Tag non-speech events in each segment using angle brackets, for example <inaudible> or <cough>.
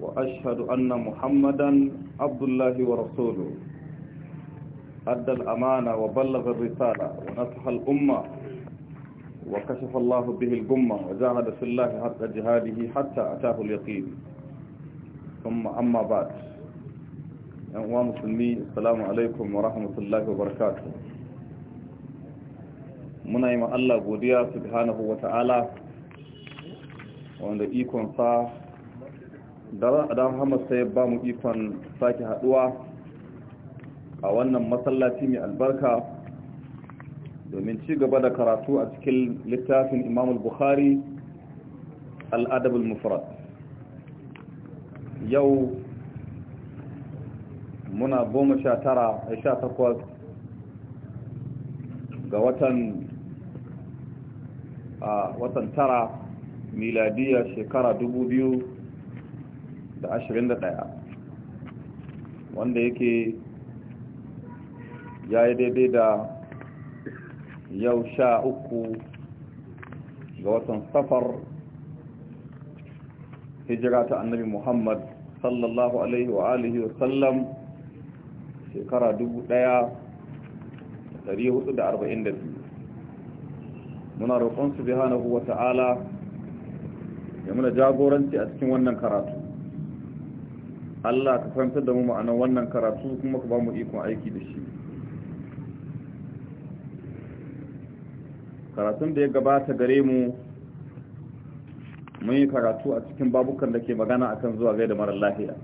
وأشهد أن محمدا عبد الله ورسوله أدى الأمانة وبلغ الرسالة ونصح الأمة وكشف الله به الجمة وجاهد في الله حتى جهاده حتى أتاه اليقين ثم أما بعد أنواع مسلمين السلام عليكم ورحمة الله وبركاته muna yi ma Allah godiya subhanahu wa ta'ala wanda ikonsa da adam hamad sai ba mu ikon sake haduwa a wannan masallaci mai albarka domin ci gaba da karatu a cikin littafin imamul bukhari al'adabul mufrad yau muna goma sha tara a sha takwas ga watan a watan tara miladiya shekara dubu biyu da ashirin da ɗaya wanda yake ya yi daidai da yau sha uku ga watan safar hijira ta annabi muhammad sallallahu alaihi wa alihi wa sallam shekara dubu ɗaya da da hudu arba'in biyu. muna roƙon su bihanahu wa ta'ala ya muna jagoranci a cikin wannan karatu Allah ka fahimtar da mu ma'anar wannan karatu kuma ka ba mu ikon aiki da shi karatun da ya gabata gare mu mun yi karatu a cikin babukan da ke magana akan zuwa gai da marar lafiya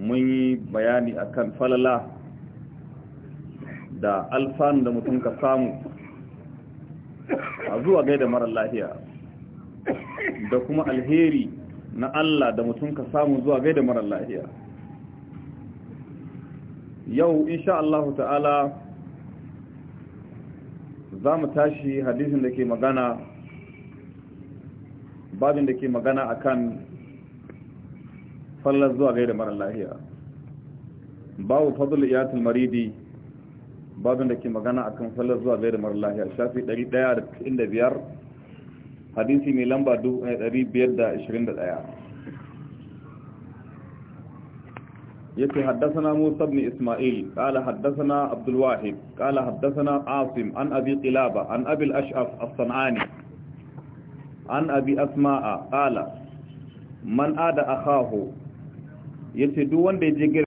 mun yi bayani akan falala da alfanu da mutum ka samu a zuwa gai da marar lafiya da kuma alheri na Allah da mutum ka samu zuwa gaida marar lahiya yau insha Allah ta'ala za mu tashi hadisin da ke magana babin da ke magana akan fallar zuwa gaida marar lahiya babu fadul iyatul maridi babin da ke magana akan fallar zuwa gaida marar lahiya shafi 195 hadisi mai lamba 521 yake haddasana musa ibn isma'il qala haddasana abdul wahid qala haddasana asim an abi qilaba an abi al-ash'af as-sanani an abi asma'a qala man ada akahu yace duk wanda ya je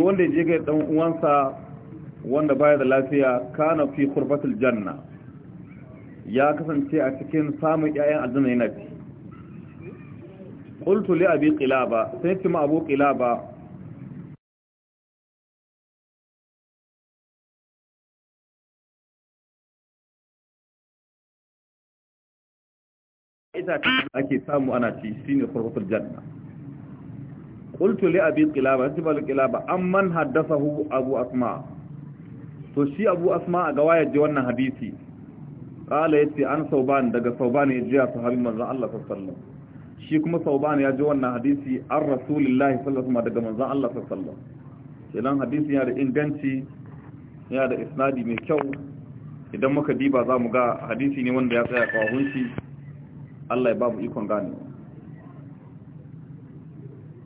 duk wanda ya je ga dan uwansa wanda baya da lafiya kana fi kurfatul janna ya kasance a cikin samun ƴaƴan aljanna yana fi qultu li abi qilaba sai ce ma abu qilaba ita ake samu ana ci shine kurfatul janna qultu li abi qilaba sai ba qilaba amman haddathahu abu asma' to shi abu asma a gawa ya ji wannan hadisi ƙala ya ce an sauban daga sauban ya ji a sahabin manzan Allah sassallon shi kuma sauban ya ji wannan hadisi an sallasu ma daga manzan Allah sassallam kenan hadisi ya da inganci ya da isnadi mai kyau idan muka diba za mu ga hadisi ne wanda ya tsaya kawahunci Allah ya babu ikon gane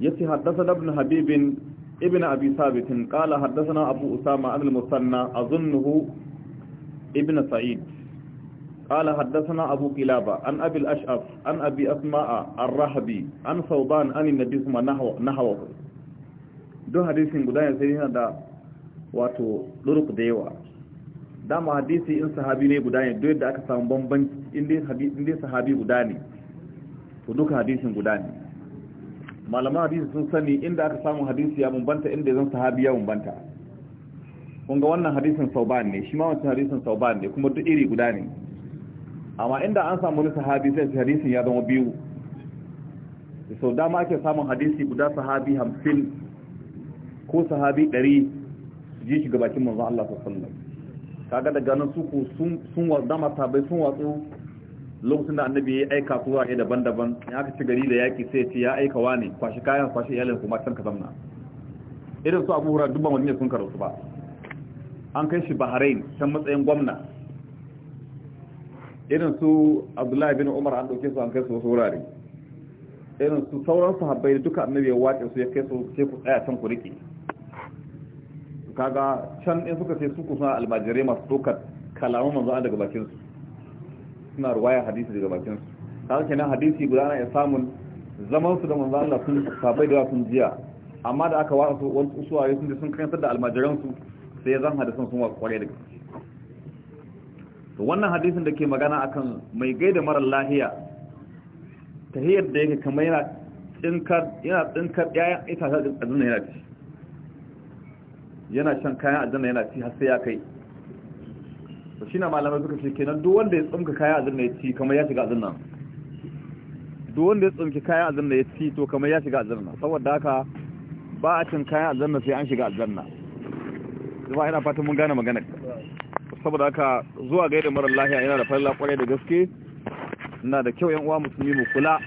ya ce haddasa dabin habibin ابن أبي ثابت قال حدثنا أبو أسامة عن المثنى أظنه ابن سعيد قال حدثنا أبو قلابة عن أبي الأشعف عن أبي أسماء الرهبي عن صوبان عن النبي ثم نحو نحوه دو حديث غدان سيدنا دا wato duruk da yawa dama hadisi in sahabi ne guda ne duk yadda aka samu bambanci in dai sahabi guda ne to duka hadisin guda ne malaman hadisi sun sani inda aka samu hadisi ya bambanta inda zan sahabi ya bambanta kun ga wannan hadisin sauban ne shi ma wancan hadisin sauban ne kuma duk iri guda ne amma inda an samu wani sahabi sai hadisin ya zama biyu da sau dama ake samun hadisi guda sahabi hamsin ko sahabi ɗari ji shi bakin manzan Allah sallallahu kaga da ganin suku sun dama sabai sun watsu lokacin da annabi ya aika su ne daban-daban ya aka ci gari da yaƙi sai ce ya aika wa ne kwashi kayan kwashi iyalin kuma can ka zamna irin su abu hura dubban wani sun karu su ba an kai shi bahrain can matsayin gwamna irin su abdullahi bin umar an ɗauke su an kai su wasu wurare irin su sauran da duka annabi ya wace su ya kai su sai ku tsaya can ku riƙe kaga can in suka ce su kusa almajirai masu ɗaukar kalaman manzo daga bakin su suna ruwaya hadisi daga bakin su kaga kenan hadisi guda ya samun zaman su da manzan Allah sun sabai da sun jiya amma da aka wasu wasu suwaye sun sun kantar da almajiran su sai zan hadisin sun wasu kware da gaske to wannan hadisin da ke magana akan mai gaida mara lahiya hiyar da yake kamar yana tsinkar yana tsinkar yayan ita ta aljanna yana ci yana shan kayan aljanna yana ci har sai ya kai to shi na malamai suka ce kenan duk wanda ya tsamka kaya azin ya ci kamar ya shiga azin nan duk wanda ya tsamki kaya azin ya ci to kamar ya shiga azin nan saboda haka ba a cin kaya azin nan sai an shiga azin nan zuwa ina fatan mun gane magana saboda haka zuwa gaida mara lahiya yana da falla kwarai da gaske na da kyau yan uwa musulmi mu kula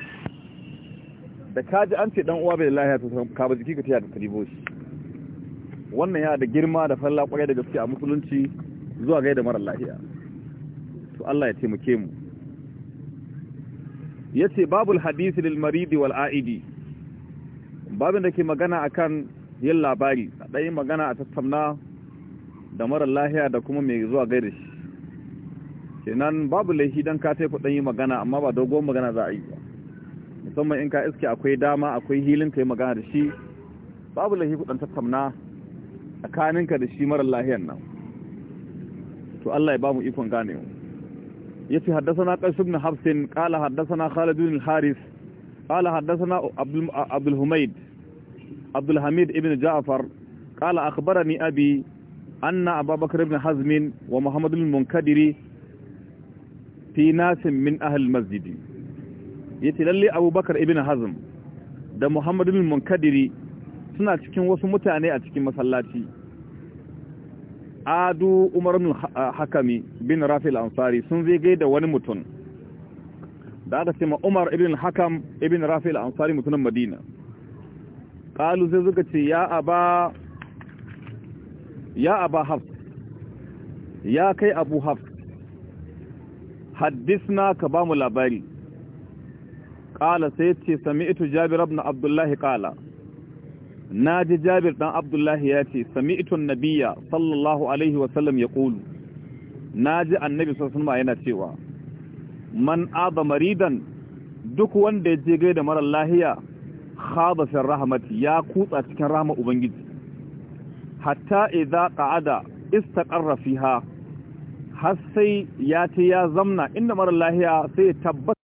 da kaji an ce dan uwa bai lahiya to ka ba jiki ka tiya ka tribo shi wannan ya da girma da falla kwarai da gaske a musulunci zuwa gaida mara lahiya to Allah ya taimake mu yace babul hadisi lil marid wal aidi babin da ke magana akan yin labari dai magana a tattauna da mara lahiya da kuma mai zuwa gaida shi kenan babu laifi dan ka tafi dan yi magana amma ba dogon magana za a yi musamman in ka iske akwai dama akwai hilin ka yi magana da shi babu laifi ku dan tattauna tsakaninka da shi mara lahiyan nan to Allah ya ba mu ikon ganewa ya haddathana qais ibn na hafsin ƙala khalid ibn al-haris ƙala haddathana abdul abdulhamid humayd abdul hamid ibn ja'far qala akhbarani abi anna ababakar ibn hazmin wa muhammadu ibn munkadiri fi nasin min ahal masjidi ya ce lalle abubakar ibn hazm da muhammadu ibn munkadiri suna cikin wasu mutane a cikin masallaci adu umar bin ah, hakami bin rafi al'ansari sun zai da wani mutum da aka ce ma umar ibn hakam ibn rafi al'ansari mutumin madina ƙalu zai zuka ce ya a ba haf ya kai abu haddis haddisna ka ba mu labari ƙala sai ce sami ito jabi rabna abdullahi ƙala na ji jabir ɗan abdullahi ya ce sami'itun nabiya sallallahu alaihi wasallam ya ƙulu na ji annabi sassan ma yana cewa man aba maridan duk wanda ya je gai da marar lahiya khabashin rahamati ya kutsa cikin rahama ubangiji hatta idza qa'ada istaqarra fiha har sai ya ce ya zamna inda marar lahiya sai ya tabbata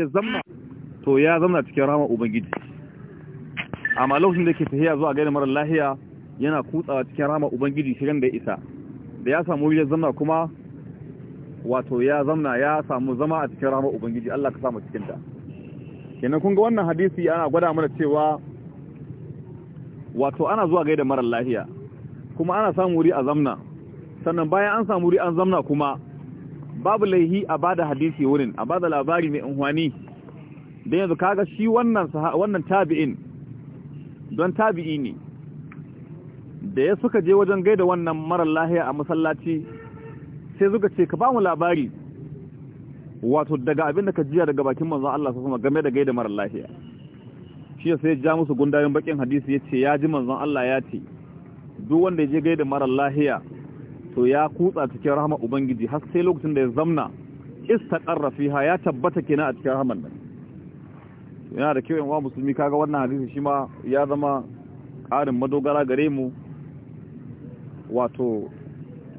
ya zama to ya zamna cikin rahama ubangiji amma lokacin da ke tafiya zuwa gani mara lahiya yana kutsawa cikin rahama ubangiji shigan da ya isa da ya samu wajen zamna kuma wato ya zamna ya samu zama a cikin rahama ubangiji Allah ka samu cikin ta kenan kun ga wannan hadisi ana gwada mana cewa wato ana zuwa gaida mara lahiya kuma ana samu wuri a zamna sannan bayan an samu wuri an zamna kuma babu laihi a bada hadisi wurin a bada labari mai unhwani don yanzu kaga shi wannan tabi'in don tabi'i ne da ya suka je wajen gaida wannan marar lahiya a masallaci sai suka ce ka ba mu labari wato daga abin da ka jiya daga bakin manzo Allah sallallahu alaihi game da gaida marar lahiya shi sai ja musu gundayen bakin hadisi ya ce ya ji manzon Allah ya ce duk wanda ya je gaida marar lahiya to ya kutsa cikin rahama ubangiji har sai lokacin da ya zamna istaqarra fiha ya tabbata kenan a cikin rahaman nan yana da kyau wa musulmi kaga wannan hadisi shi ma ya zama ƙarin madogara gare mu wato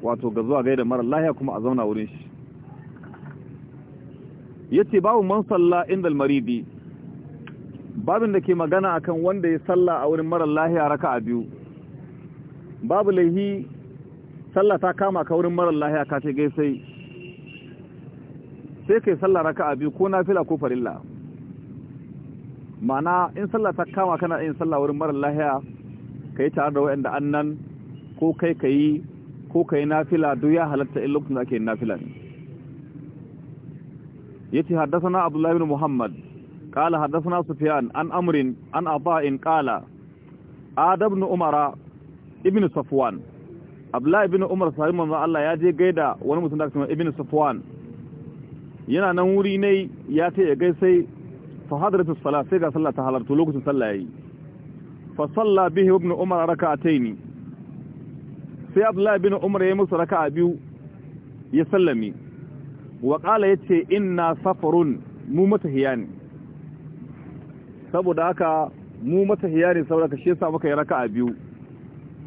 wato ga zuwa gaida mara lahiya kuma a zauna wurin shi yace babu man salla inda maridi babin da ke magana akan wanda ya salla a wurin mara lahiya raka'a biyu babu lahi sallah ta kama ka wurin marar lahiya ka ce gaisai sai kai sallah raka biyu ko nafila ko farilla mana in sallah ta kama kana yin sallah wurin marar lahiya kai tare da waɗanda annan ko kai yi ko kai nafila duk ya halatta in lokacin da ake yin nafila ne yace haddathana abdullahi bin muhammad قال حدثنا سفيان an امر عن عطاء قال adab بن umara ibn safuwan. abdullahi ibn umar sahibi manzo Allah ya je gaida wani mutum da kuma ibn safwan yana nan wuri ne ya ce ya gaisai fa hadratus salat sai ga sallah ta halartu lokacin sallah yayi fa salla bihi ibn umar rak'ataini sai abdullahi ibn umar ya musu a biyu ya sallami wa qala yace inna safarun mu matahiya ne saboda haka mu matahiya ne saboda ka shi yasa muka yi a biyu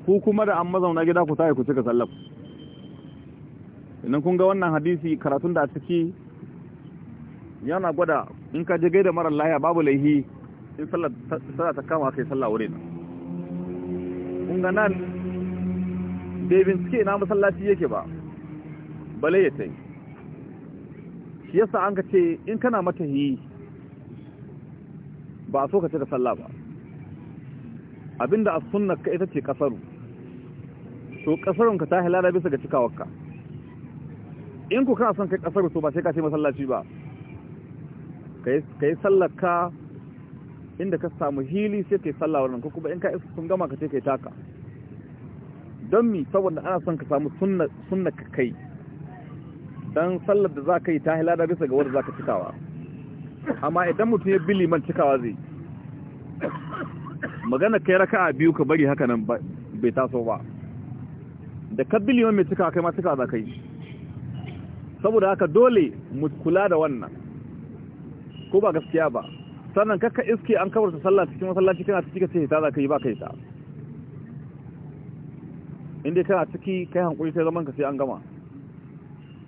ku kuma da an mazauna gida ku tayi ku cika sallaf idan kun ga wannan hadisi karatun da a ciki yana gwada in ka je gaida mara laya babu laihi in sallah ta kama kai sallah wurin kun ga nan bai bincike na masallaci yake ba bale ya tai shi yasa an ka ce in kana matahi ba a so ka da sallah ba abinda a sunna ka ita ce kasaru to ka ta halala bisa ga cikawarka in ku kana son kai kasar su ba sai ka ce masallaci ba ka yi sallaka inda ka samu hili sai ka yi sallawar nan ko kuma in ka isa sun gama ka ce ka yi taka don mi saboda ana son ka samu sunna ka kai don sallar da za ka yi ta halala bisa ga wadda za ka cikawa amma idan mutum ya bili man cikawa zai magana kai raka'a biyu ka bari haka nan bai taso ba da ka biliyon mai cika kai ma cika za ka yi saboda haka dole mu kula da wannan ko ba gaskiya ba sannan kakka iske an ta sallah cikin masallaci kana ciki ka ce ta za ka yi ba ka yi ta inda kana ciki kai hankuli sai zaman ka sai an gama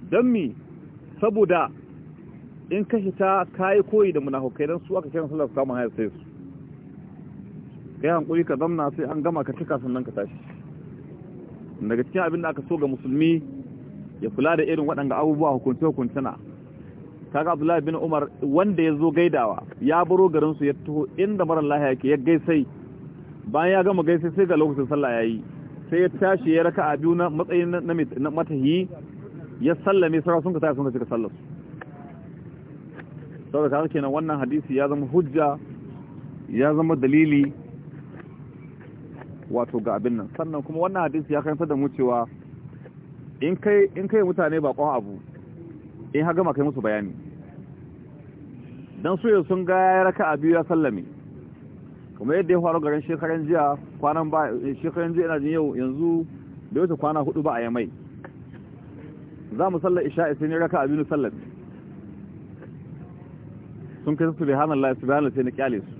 don mi saboda in ka hita ta kayi koyi da munafukai don su aka kiran sallah su samu hayar sai su kai hankuli ka zamna sai an gama ka cika sannan ka tashi daga cikin abin da aka so ga musulmi ya kula da irin waɗanda abubuwa hukunce hukuncena kaga abdullahi bin umar wanda ya zo gaidawa ya baro garinsu ya taho inda marar lahiya ke ya gaisai bayan ya gama gaisai sai ga lokacin sallah ya yi sai ya tashi ya raka a biyu na matsayin na matahi ya sallame sarar sun ka taya sun ka cika sallar su saboda kenan wannan hadisi ya zama hujja ya zama dalili wato ga abin nan sannan kuma wannan hadisi ya kanta da mu cewa in kai in kai mutane bakon abu in ha gama kai musu bayani dan su sun ga ya raka abiyu ya sallame kuma yadda ya faru garin shekaran jiya kwanan ba shekaran jiya ina jin yau yanzu da wata kwana hudu ba a mai za mu salla isha'i sai ne raka abinu sallame sun kai su subhanallahi subhanallahi sai na kyale su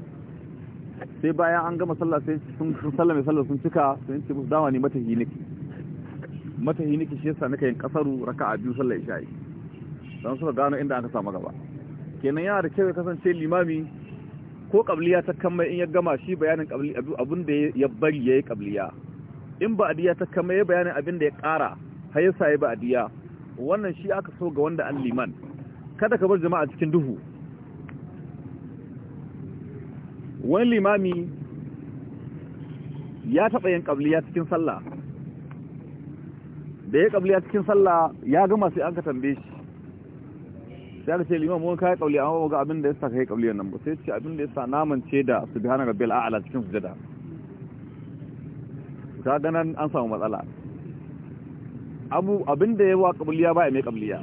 sai bayan an gama sallah sai sun sallame sallah sun cika sun ce musu dawa ne mata niki mata hiniki shi yasa nika yin kasaru raka a biyu sallah isha'i don suka gano inda aka samu gaba kenan yana da kyau kasance limami ko kabliya ta kama in ya gama shi bayanin kabli abin da ya bari yi kabliya in ba adiya ta kama ya bayanin abin da ya kara har yasa ya ba adiya wannan shi aka so ga wanda an liman kada ka bar jama'a cikin duhu wani limami ya taɓa yin ƙabliya cikin sallah da ya ƙabliya cikin sallah ya gama sai an ka tambe shi sai aka ce liman wani kayan ƙabliya amma ga abin da ya sa yi ƙabliyar nan ba sai ce abin da ya sa naman ce da su ga bel a'ala cikin sujada ta ga an samu matsala abu abin da ya wa ƙabliya ba ya mai ƙabliya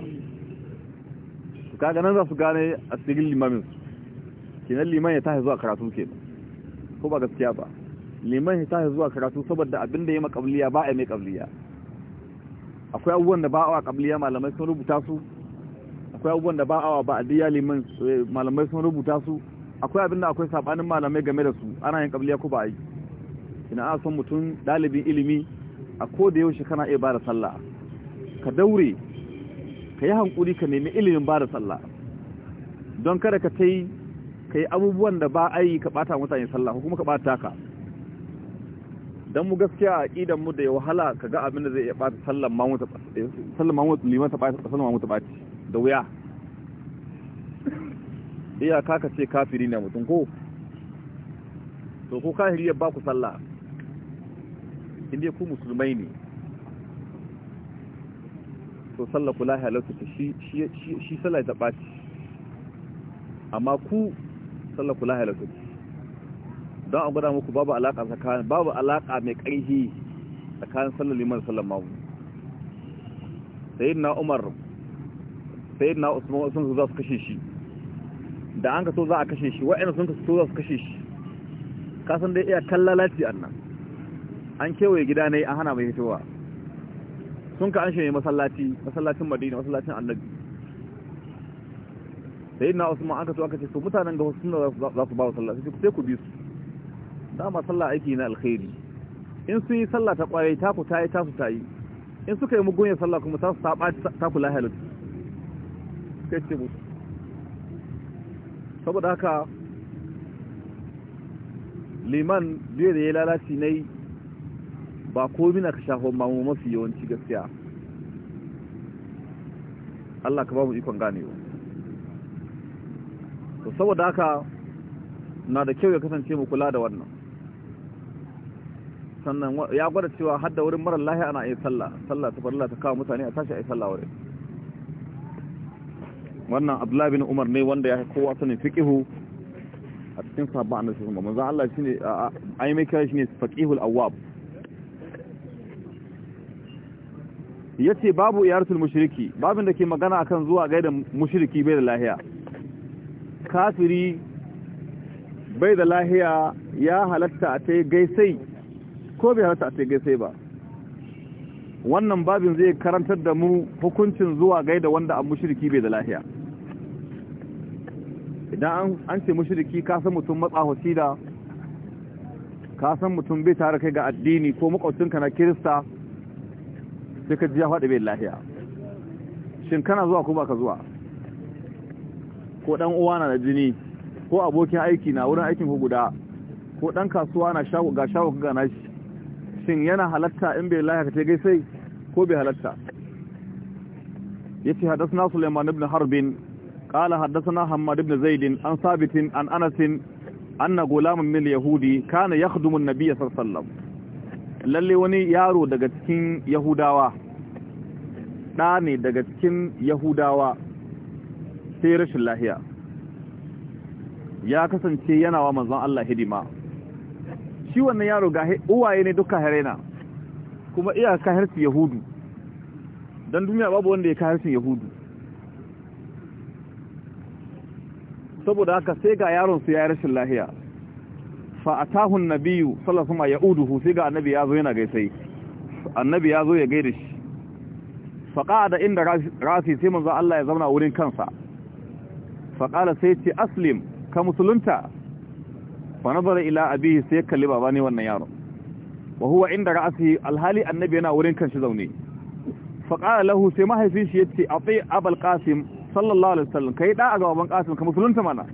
ta ga za su gane a cikin limamin su kenan liman ya tashi zuwa karatu ke ko ba gaskiya ba liman ya tashi zuwa karatu saboda abin da ya ma kabliya ba a mai kabliya akwai abubuwan da ba a kabliya malamai sun rubuta su akwai abubuwan da ba a ba a liman eh, malamai sun rubuta su akwai abin da akwai sabanin malamai game da su ana yin kabliya ko ba a yi ina a son mutum dalibin ilimi a ko da yaushe kana iya bada sallah ka daure ka yi hankuri ka nemi ilimin bada sallah don kada ka ta yi ka yi abubuwan da ba a yi ka ɓata mutane sallah kuma ka ɓata ka don mu gaskiya a idan mu da ya wahala ka ga abin da zai iya ɓata sallan mamu ta liman ta ɓata sallan mamu ta da wuya iya kaka ce kafiri ne mutum ko to ko kafiri ya ba ku sallah inda ku musulmai ne to sallah kula halarta shi shi sallah ta ɓaci amma ku sallar kula halatta don a gwada muku babu alaƙa tsakanin babu alaƙa mai ƙarfi tsakanin sallar liman da sallar mamu na umar sayyidina usman sun su za su kashe shi da an ka so za a kashe shi wa'ina sun ka so za su kashe shi kasan dai iya kallalaci annan an kewaye gida ne an hana mai hitowa sun ka an shi masallaci masallacin madina masallacin annabi sai na wasu aka su aka ce so mutanen ga wasu za su ba sallah sai ku bi su dama sallah aiki na alkhairi in sun yi sallah ta kwaye ta ku ta yi ta su ta yi in suka yi mugun ya sallah kuma ta su ta ta ku lahalu sai ce musu saboda haka liman biyu da ya lalaci na yi ba komi na ka shafon mamu mafi yawanci gaskiya Allah ka ba mu ikon ganewa to saboda haka na da kyau ya kasance mu kula da wannan sannan ya gwada cewa hadda wurin marar lahiya ana yi sallah sallah ta farilla ta kawo mutane a tashi a yi sallah wurin wannan abdullahi bin umar ne wanda ya kowa sanin fiƙihu a cikin sabon annabi sallallahu alaihi wasallam Allah shine yi mai kira shine faqihul awwab yace babu iyaratul mushriki babin da ke magana akan zuwa gaida mushriki bai da lahiya kafiri bai da lahiya ya halatta a ta gaisai ko bai halatta a ta gaisai ba wannan babin zai karantar da mu hukuncin zuwa gaida wanda an mushiriki bai da lahiya idan an ce mushiriki ka san mutum matsahoci da ka san mutum bai tare kai ga addini ko makwacinka na kirista sai ka ji ya faɗi bai lahiya shin kana zuwa ko ba ka zuwa ko dan uwa na da jini ko abokin aiki na wurin aikin ku guda ko dan kasuwa na shago ga shago ga nashi shin yana halatta in bai lahi ka gai sai ko bai halatta yace hadathna Sulaiman ibn Harbin haddasa na Hammad ibn zaidin an sabitin an an na gulamun min yahudi kana yakhdumu an-nabiy sallallahu wani yaro daga cikin yahudawa da ne daga cikin yahudawa sai rashin lahiya ya kasance yana wa manzon Allah hidima shi wannan yaro ga uwaye ne duka harena kuma iya kahirci yahudu don duniya babu wanda ya kahircin yahudu saboda haka sai ga yaron su ya rashin lahiya fa atahu annabiyyu sallallahu alaihi ya'uduhu sai ga annabi ya zo yana gaisai annabi ya zo ya gaida shi fa qa'ada inda rasi sai manzo Allah ya zauna wurin kansa faƙala sai ce aslim ka musulunta fa nazara ila abihi sai kalli baba ne wannan yaro. wa huwa inda ra'asi alhali annabi yana wurin kanshi zaune faƙala lahu sai mahaifin shi yace ati abal qasim sallallahu alaihi wasallam kai da ga baban qasim ka musulunta mana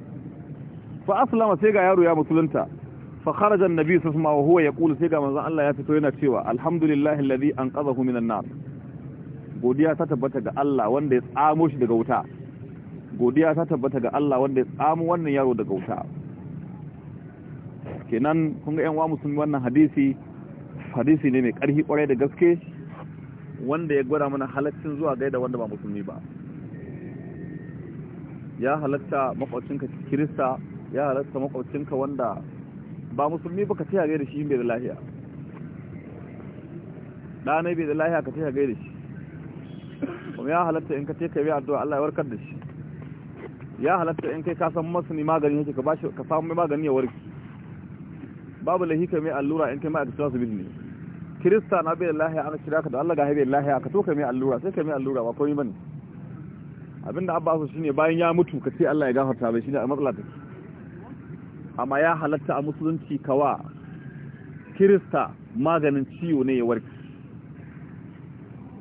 fa aslama sai ga yaro ya musulunta fa kharaja annabi sallallahu alaihi wasallam wa huwa yaqulu sai ga manzon Allah ya fito yana cewa alhamdulillahi alladhi anqadhahu minan nar godiya ta tabbata ga Allah wanda ya tsamo shi daga wuta godiya ta tabbata ga Allah wanda ya tsamu wannan yaro daga wuta kenan kun ga yan musulmi wannan hadisi hadisi ne mai ƙarfi ƙwarai da gaske wanda ya gwada mana halaccin zuwa gaida wanda ba musulmi ba ya halatta makwacinka kirista ya halatta makwacinka wanda ba musulmi ba ka ce gaida shi bai da lahiya ɗanai bai da lahiya ka ce gaida shi kuma ya halatta in ka ce ka bi addu'a Allah ya warkar da shi ya halatta in kai ka san masani magani yake ka bashi ka samu magani ya warke babu lahika mai allura in kai ma aka su bidni kirista na bai lahiya ana kira ka da Allah ga haibe lahi aka to ka mai allura sai ka mai allura ba komai bane abinda abba su shine bayan ya mutu ka ce Allah ya gafarta bai shine a matsala take amma ya halatta a musulunci kawa kirista maganin ciwo ne ya warke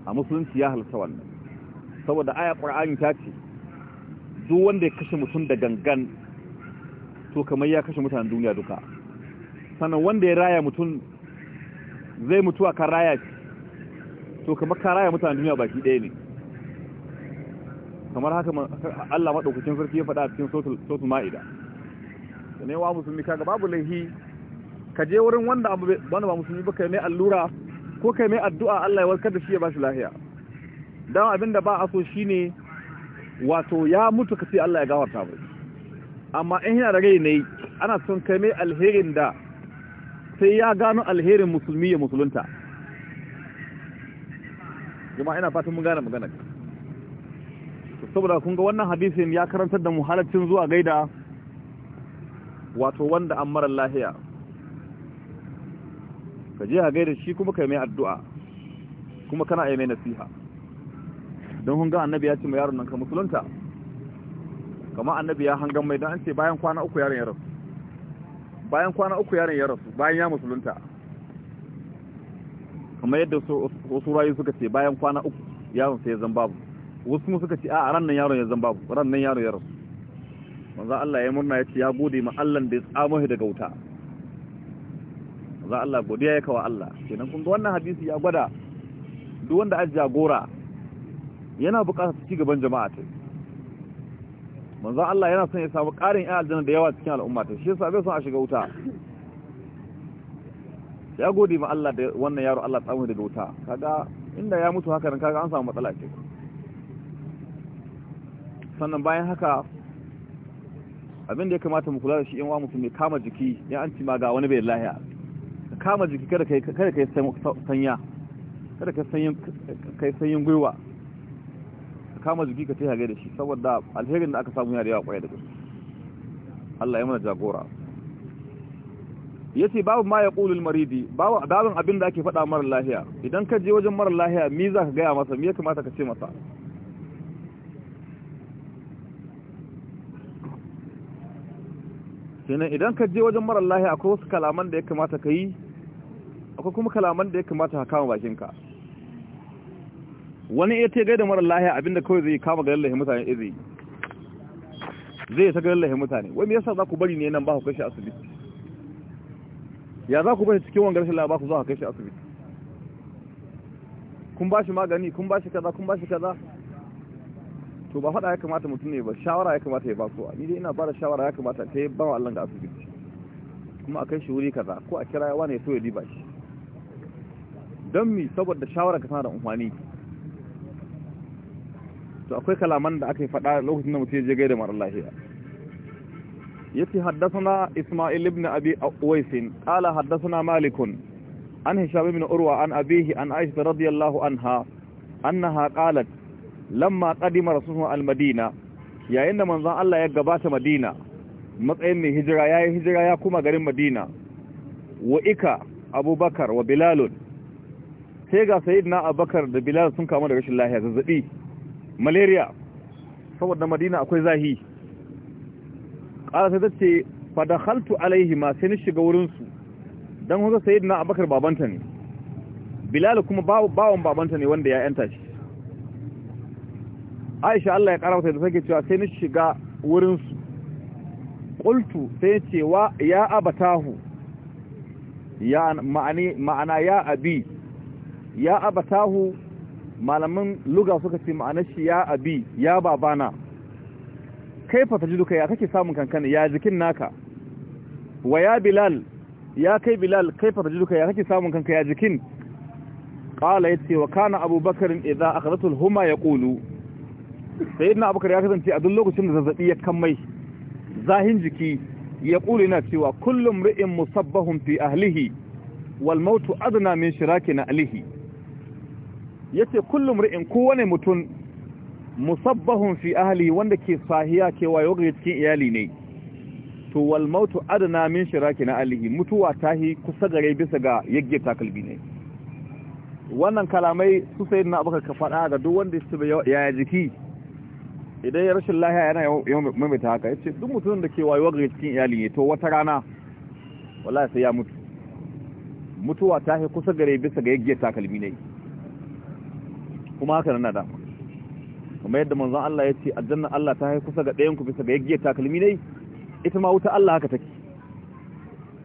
a musulunci ya halatta wannan saboda aya qur'ani ta ce duk wanda ya kashe mutum da gangan to kamar ya kashe mutanen duniya duka sannan wanda ya raya mutum zai mutu a kan raya to kamar ka raya mutanen duniya baki ɗaya ne kamar haka Allah maɗaukacin sarki ya faɗa cikin sotul ma'ida da ne wa musulmi kaga babu laihi ka je wurin wanda wanda ba musulmi ba kai mai allura ko kai mai addu'a Allah ya warkar da shi ya bashi lahiya dan abinda ba a so shine wato ya mutu ka ce Allah ya gawarta mai amma in yana da rai ne ana son kai mai alherin da sai ya gano alherin musulmi ya musulunta jama'a ina fatan mun gane magana saboda kun ga wannan hadisin ya karantar da mu halaccin zuwa gaida wato wanda an mara lahiya ka je ha gaida shi kuma kai mai addu'a kuma kana yi mai nasiha don hunga annabi ya ce ma yaron nan ka musulunta kamar annabi ya hangan mai don an ce bayan kwana uku yaron ya rasu bayan kwana uku yaron ya rasu bayan ya musulunta kamar yadda wasu rayu suka ce bayan kwana uku yaron sai ya zan babu wasu suka ce a ran nan yaron ya zan babu ran nan yaron ya rasu manzo Allah ya murna ya ce ya gode ma Allah da ya tsamo shi daga wuta manzo Allah godiya ya kawa Allah kenan kun ga wannan hadisi ya gwada duk wanda a jagora yana bukatar ci gaban jama'a ta manzan Allah yana son ya samu ƙarin yan aljanna da yawa cikin al'umma ta shi sabai bai son a shiga wuta ya gode ma Allah da wannan yaro Allah tsamu daga wuta kaga inda ya mutu haka nan kaga an samu matsala ce sannan bayan haka abin da ya kamata mu kula da shi yan wa mutum mai kama jiki ya an ci ma ga wani bai lahiya kama jiki kada kai kada kai sanya kada kai kai sanyin gwiwa ka kama jiki ka taya da shi saboda alherin da aka samu yana da yawa kwaye da gaske Allah ya mana jagora yace babu ma ya qulul maridi babu babin abin da ake faɗa marar lahiya idan ka je wajen marar lahiya me za ka gaya masa mi ya kamata ka ce masa kenan idan ka je wajen marar lahiya akwai wasu kalaman da ya kamata ka yi akwai kuma kalaman da ya kamata ka kama bakinka wani iya ce gaida mara lahiya abinda kawai zai kama ga lallahi mutane zai zai ta ga lallahi mutane wani ya yasa za ku bari ne nan ba ku kai shi asibiti ya za ku bari cikin wangar shi ba ku zuwa ku kai shi asibiti kun ba shi magani kun ba shi kaza kun ba shi kaza to ba faɗa ya kamata mutum ne ba shawara ya kamata ya ba su ni dai ina ba da shawara ya kamata ta yi ba wa Allah ga asibiti kuma a kai shi wuri kaza ko a kira wani ya so ya diba shi don mi saboda shawara ka tana da umfani. to akwai kalaman da aka yi faɗa lokacin da mutum ya je gaida mara lahiya yace haddathana isma'il ibn abi uwais qala haddathana malik an hisham ibn urwa an abihi an aisha radiyallahu anha annaha qalat lamma qadima rasuluhu al yayin da manzon Allah ya gabata Madina matsayin mai hijira yayi hijira ya kuma garin Madina wa ika Abubakar wa Bilal sai ga sayyidina Abubakar da Bilal sun kama da rashin lafiya zazzabi malaria saboda madina akwai zahi ƙara sai ta ce haltu alaihi ma sai ni shiga wurinsu don haka sayid na abakar babanta ne bilal kuma bawon babanta ne wanda ya yanta shi aisha allah ya ƙara wata da sake cewa sai ni shiga wurinsu ƙultu sai cewa ya abatahu ya ma'ana ya abi ya abatahu malamin luga suka ce ma'anar shi ya abi ya babana kai fa tajidu kai ya kake samun kankana ya jikin naka wa ya bilal ya kai bilal kai fa tajidu kai ya kake samun kanka ya jikin qala yace wa kana abubakar idza akhadhatu huma yaqulu sayyidina abubakar ya kasance a duk lokacin da zazzabi ya kan mai zahin jiki ya kula yana cewa kullum ri'in musabbahun fi ahlihi wal mautu adna min na alihi yace kullum ri'in kowane mutum musabbahun fi ahli wanda ke sahiya ke wayo ga cikin iyali ne to wal mautu adana min shiraki na alihi mutuwa tahi kusa gare bisa ga yagge takalbi ne wannan kalamai su na abuka ka faɗa ga duk wanda ya yaya jiki idan ya rashin lahiya yana yawan ta haka yace duk mutumin da ke wayo ga cikin iyali ne to wata rana wallahi sai ya mutu mutuwa tahi kusa gare bisa ga yagge takalbi ne kuma haka nan da kuma yadda manzon Allah ya ce aljanna Allah ta haifu kusa ga ɗayan ku bisa ga yaggiya takalmi ne ita ma wuta Allah haka take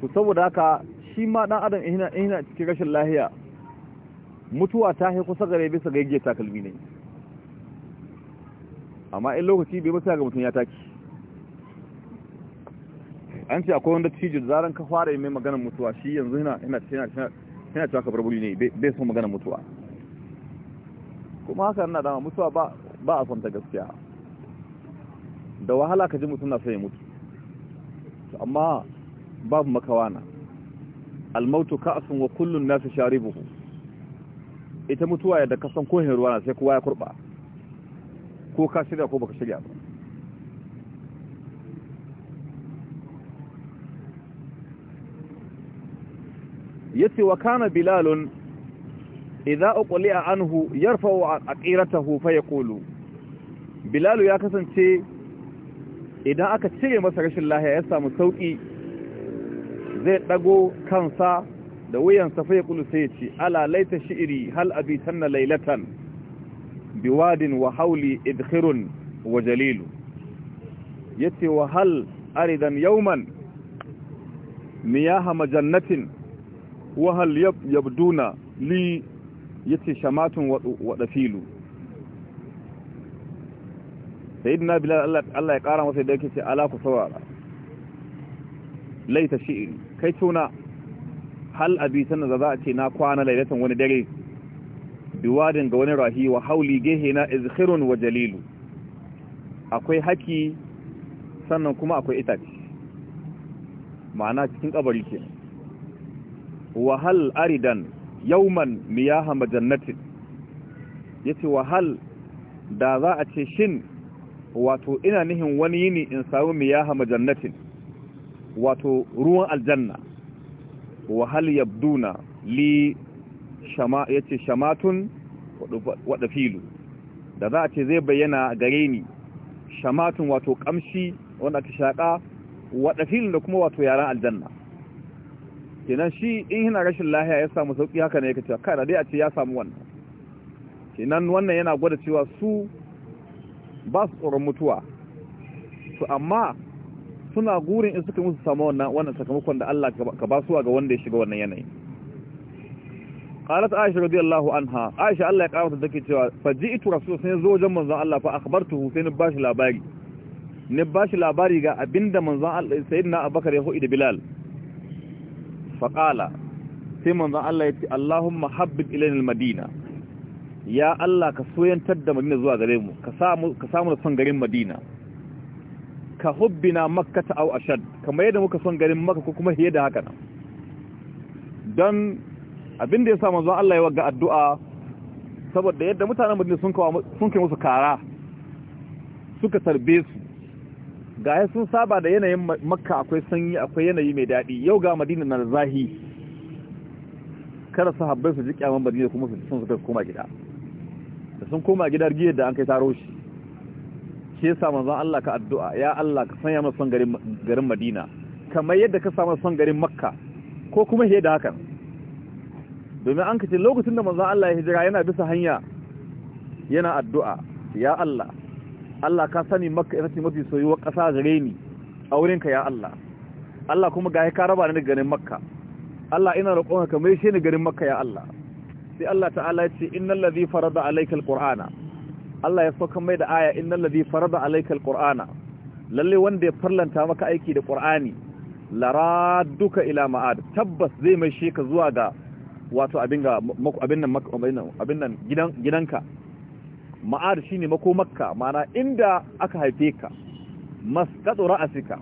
to saboda haka shi ma dan adam ina ina cikin rashin lahiya mutuwa ta haifu kusa ga bisa ga yaggiya takalmi ne amma in lokaci bai mutu ga mutum ya taki an ce akwai wanda cijo zaran ka fara yi mai maganar mutuwa shi yanzu yana cewa ka ne bai son maganar mutuwa kuma haka yana dama mutuwa ba a santa gaskiya da wahala ka ji mutum na sai mutu amma babu makawana almautu ka'asun wa kullun nasu sharibuhu ita mutuwa yadda ka san kohin ruwa na sai kowa ya kurba ko ka shirya ko baka shirya ba yace wa kana bilalun idza uqli'a anhu yarfa'u aqiratahu fa yaqulu bilal ya kasance idan aka cire masa rashin lahiya ya samu sauki zai dago kansa da wuyansa fa yaqulu sai ya ce ala laita shi'ri hal abitanna laylatan biwadin wa hawli idkhirun wa jalilu yace wa hal aridan yawman miyaha majannatin wa hal yabduna li ya ce shamatun waɗa filu sai na bilal Allah ya ƙara masa da yake ce ala ku saurara laita shi'iri kai tuna hal abitan da za a ce na kwana laidatan wani dare biwadin ga wani rahi wa hauli gehe na izkhirun wa jalilu akwai haki sannan kuma akwai itace ma'ana cikin kabari ke wa hal aridan yauman miyaha majannatin ya ce wahal da za a ce shin wato ina nihin wani yini in samu miyaha majannatin wato ruwan aljanna wahal yabduna li shama ya shamatun wada filu da za a ce zai bayyana gare ni shamatun wato kamshi wanda ta shaƙa wada filin da kuma wato yaren aljanna kenan shi in yana rashin lahiya ya samu sauki haka ne yake cewa kada dai a ce ya samu wannan kenan wannan yana gwada cewa su ba su tsoron mutuwa su amma suna gurin in suka musu samu wannan sakamakon da Allah ka ba suwa ga wanda ya shiga wannan yanayi qalat aisha radiyallahu anha aisha Allah ya karanta take cewa fa faji'tu rasul sai zo wajen manzon Allah fa akhbartuhu sai ni bashi labari ni bashi labari ga abinda manzon Allah sayyidina abakar ya hudi da Bilal faƙala sai manzan Allah ya ce Allahumma habbib ilayin madina ya Allah ka soyantar da madina zuwa gare mu ka samu da son garin madina ka hubbina makka ta au ashad kamar yadda muka son garin makka ko kuma hiye da haka nan don abin da ya sa manzan Allah ya waga addu'a saboda yadda mutanen madina sun kai musu kara suka tarbe su ga ya sun saba da yanayin makka akwai sanyi akwai yanayi mai daɗi yau ga madina na zahi kada habbai su ji kyaman madina kuma su sun suka koma gida da sun koma gidar giya da an kai taro shi ke sa manzon Allah ka addu'a ya Allah ka sanya mana son garin garin Madina kamar yadda ka samu son garin Makka ko kuma da haka domin an kace lokacin da manzon Allah ya hijira yana bisa hanya yana addu'a ya Allah Allah ka sani makka ita ce mafi soyuwar ƙasa gare ni a wurinka ya Allah Allah kuma ga ka raba ni garin makka Allah ina roƙon ka mai shi ni garin makka ya Allah sai Allah ta'ala ya ce innal ladhi farada alaykal qur'ana Allah ya sauka mai da aya innal ladhi farada alaykal qur'ana lalle wanda ya farlanta maka aiki da qur'ani duka ila ma'ad tabbas zai mai shi ka zuwa ga wato abin ga abin nan abin nan gidan gidanka ma'ar shine makomakka mana inda aka haife ka maskatu ra'asika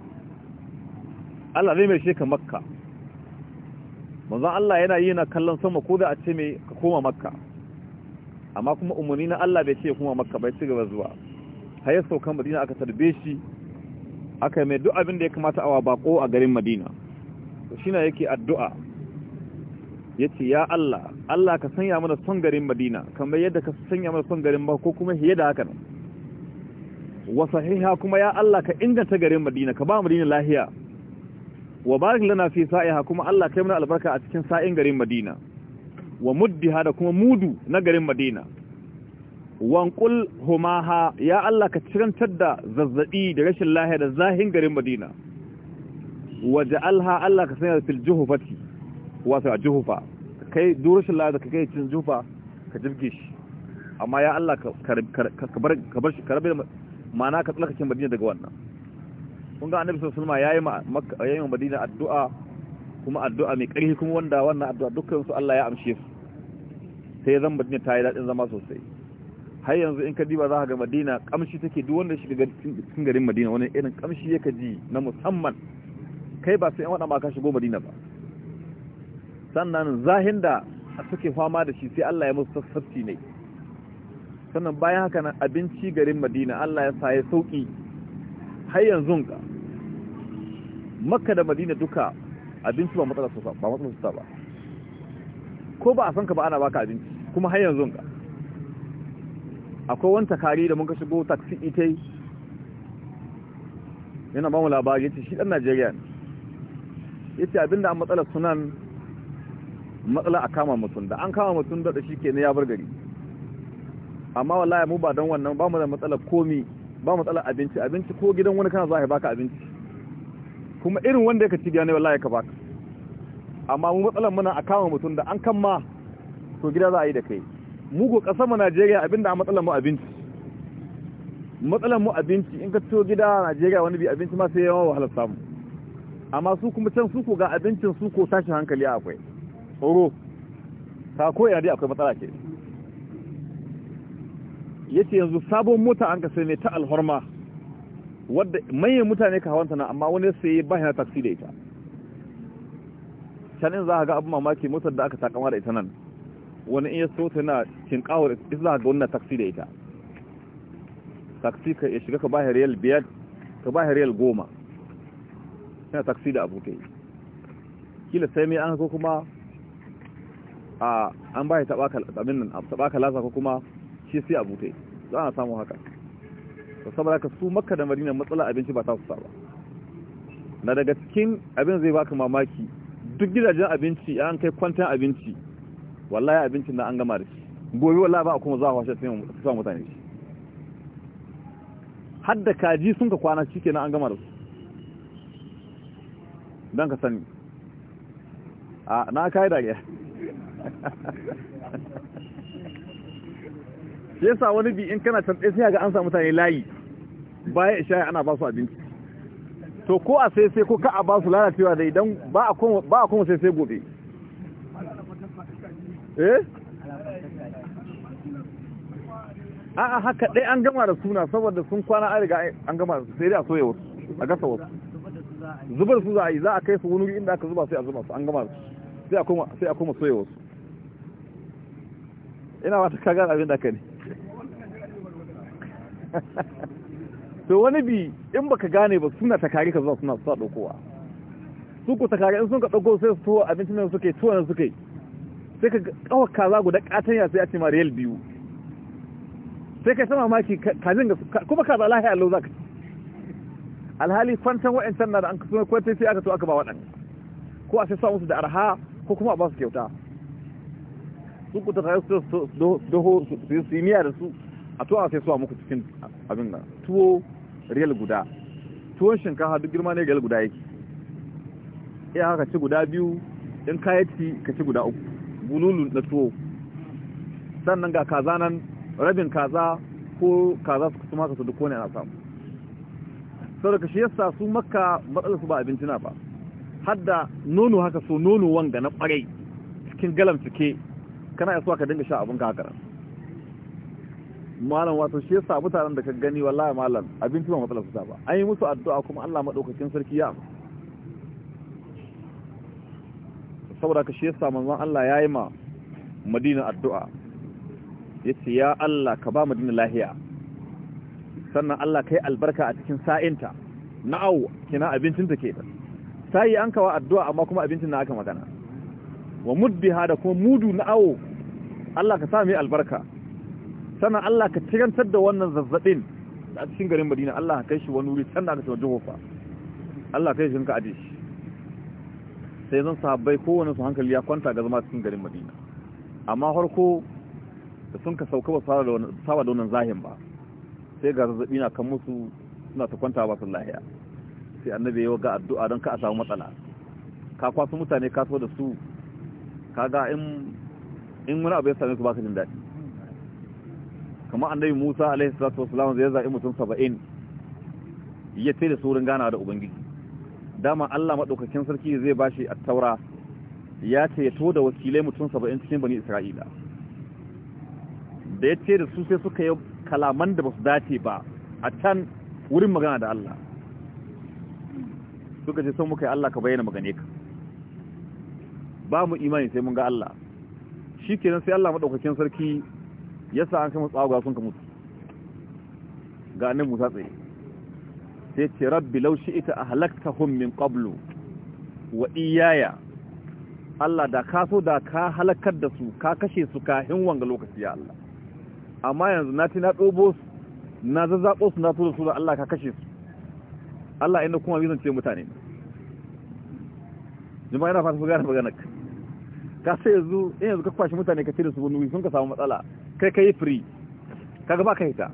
Allah zai mai sheka makka manzon Allah yana yi na kallon sama ko da a ce mai ka koma makka amma kuma umarni na Allah bai ce koma makka bai ci gaba zuwa har ya saukan madina aka tarbe shi aka mai duk abin da ya kamata a wa bako a garin madina to na yake addu'a ya ce ya Allah Allah ka sanya mana son garin madina kamar yadda ka sanya mana son garin ba ko kuma fiye da haka wa sahiha kuma ya Allah ka inganta garin madina ka ba madina lahiya wa barik lana fi sa'iha kuma Allah kai mana albarka a cikin sa'in garin madina wa muddiha da kuma mudu na garin madina wankul humaha ya Allah ka cirantar da zazzabi da rashin lahiya da zahin garin madina wa ja'alha Allah ka sanya fil juhufati wasu a juhufa kai durushin la ka kai cin juhufa ka jirgi shi amma ya Allah ka bar shi karabe mana ka tsallakakin madina daga wannan kun ga annabi sallallahu alaihi wasallam yayi ma madina addu'a kuma addu'a mai ƙarfi kuma wanda wannan addu'a dukkan su Allah ya amshe su sai zan madina ta yi daɗin zama sosai har yanzu in ka diba za ka ga madina kamshi take duk wanda shiga cikin garin madina wani irin kamshi yake ji na musamman kai ba sai yan wada ma ka shigo madina ba sannan zahin da suke fama da shi sai Allah ya musu sassafci ne sannan bayan haka nan abinci garin madina Allah ya sa ya sauki har yanzu ka makka da madina duka abinci ba matsala sosai ba matsala sosai ba ko ba a san ka ba ana baka abinci kuma har yanzu ka akwai wani takari da muka shigo taxi ita yana ba mu labari ce shi dan Najeriya ne yace abinda an matsalar sunan matsala a kama mutum da an kama mutum da shi ke ya bar gari amma wallahi mu ba don wannan ba mu da matsala komi ba matsala abinci abinci ko gidan wani kana zai baka abinci kuma irin wanda ka cibiya ne wallahi ka baka amma mu matsalar muna a kama mutum da an kan ma to gida za a yi da kai mu ko kasar mu Najeriya abinda a matsalar mu abinci matsalar mu abinci in ka ciwo gida a Najeriya wani bi abinci ma sai yawan wahalar samu amma su kuma can su ko ga abincin su ko tashin hankali akwai tsoro ta ko yana dai akwai matsala ke yace yanzu sabon mota an kasar ne ta alhorma wadda manyan mutane ka hawanta na amma wani sai ba yana taksi da ita can in za a ga abin mamaki motar da aka takama da ita nan wani in ya so ta na cinkawo da ita za ga wannan taksi da ita taksi ka ya shiga ka ba hariyar biyar ka ba hariyar goma yana taksi da abokai kila sai mai an ko kuma a an bai tabaka abin nan lasa ko kuma shi sai a bute za a samu haka to saboda ka su makka da madina matsala abinci ba ta su saba na daga cikin abin zai baka mamaki duk gidajen abinci an kai kwantan abinci wallahi abincin na an gama da shi gobe wallahi ba a kuma za a washe sai mutane shi hadda kaji sun ka kwana shi kenan an gama da su don ka sani a na kai da gaya shi yasa wani bi in kana can sai ga an samu mutane layi baya isha ana ba su abinci to ko a sai sai ko ka a ba su lalacewa da idan ba a kuma sai sai gobe eh? a haka dai an gama da suna saboda sun kwana an riga an gama da sai dai a soye wasu a gasa wasu zubar su za a yi za a kai su wani inda aka zuba sai a zuba su an gama da su sai a kuma soye wasu ina wata kagar abin da ka ne to wani bi in baka gane ba suna ta kare ka zuwa suna sa ɗaukowa su ku ta kare in sun ka ɗauko sai su tuwa abincin da suke tuwa da suke sai ka kawo kaza guda katanya sai ya ce ma real biyu sai ka sama maki kajin ga kuma kaza lahi allo zaka alhali kwantan wa'ancan na da an kasuwa kwantan sai aka to aka ba waɗanda ko a sai sa musu da arha ko kuma a ba su kyauta su ku ta kayan su doho su yi miya da su a tuwa sai suwa muku cikin abin nan tuwo riyal guda tuwon shinkafa duk girma ne riyal guda yake iya haka ci guda biyu in kayan ci ka ci guda uku bululu na tuwo sannan ga kaza nan rabin kaza ko kaza su kusa maka su duk wani ana samu sau da kashi yasa su maka matsalar su ba abinci na ba hadda nono haka so nono wanga na kwarai cikin galam cike kana yasuwa ka dinga sha abin ka haka malam wato shi yasa mutanen da ka gani wallahi malam abinci ba matsala kusa ba an yi musu addu'a kuma Allah madaukakin sarki ya saboda ka shi yasa manzon Allah yayi ma Madina addu'a yace ya Allah ka ba Madina lahiya sannan Allah kai albarka a cikin sa'inta na'au kina abincin take ta sai an kawa addu'a amma kuma abincin na aka magana wa muddiha da kuma mudu na awo Allah ka sami albarka sannan Allah ka cigantar da wannan zazzabin a cikin garin Madina Allah ka kai shi wani wuri sannan da aka cewa Jehofa Allah kai shi ka aje shi sai zan sahabbai kowane su hankali ya kwanta ga zama cikin garin Madina amma harko da sun ka sauka ba saba da wannan zahin ba sai ga zazzabi na kan musu suna ta kwanta ba su lahiya sai annabi ya ga addu'a don ka a samu matsala ka kwasu mutane ka so da su kaga in in wani abu ya same ku baka jin daɗi kamar dai Musa alaihi salatu wassalam zai zaɓi mutum saba'in ya ce da surin gana da ubangiji dama Allah madaukakin sarki zai ba shi a taura ya ce ya to da wakilai mutum saba'in cikin bani Isra'ila da ya ce da su sai suka yi kalaman da ba su dace ba a can wurin magana da Allah suka ce son muka yi Allah ka bayyana magane ka ba mu imani sai mun ga Allah shi kenan sai Allah maɗaukakin sarki ya sa an kama tsawa sun ka mutu ga annabi Musa tsaye sai ce rabbi law a ahlaktahum min qablu wa iyaya Allah da ka so da ka halakar da su ka kashe su ka hin wanga lokaci ya Allah amma yanzu na ci na ɗobo su na zazzaɓo su na tura su da Allah ka kashe su Allah inda kuma bizance mutane jama'a yana fata su gane maganar ka sai yanzu in yanzu ka kwashi mutane ka cire su wani sun ka samu matsala kai ka yi firi ka ba ka hita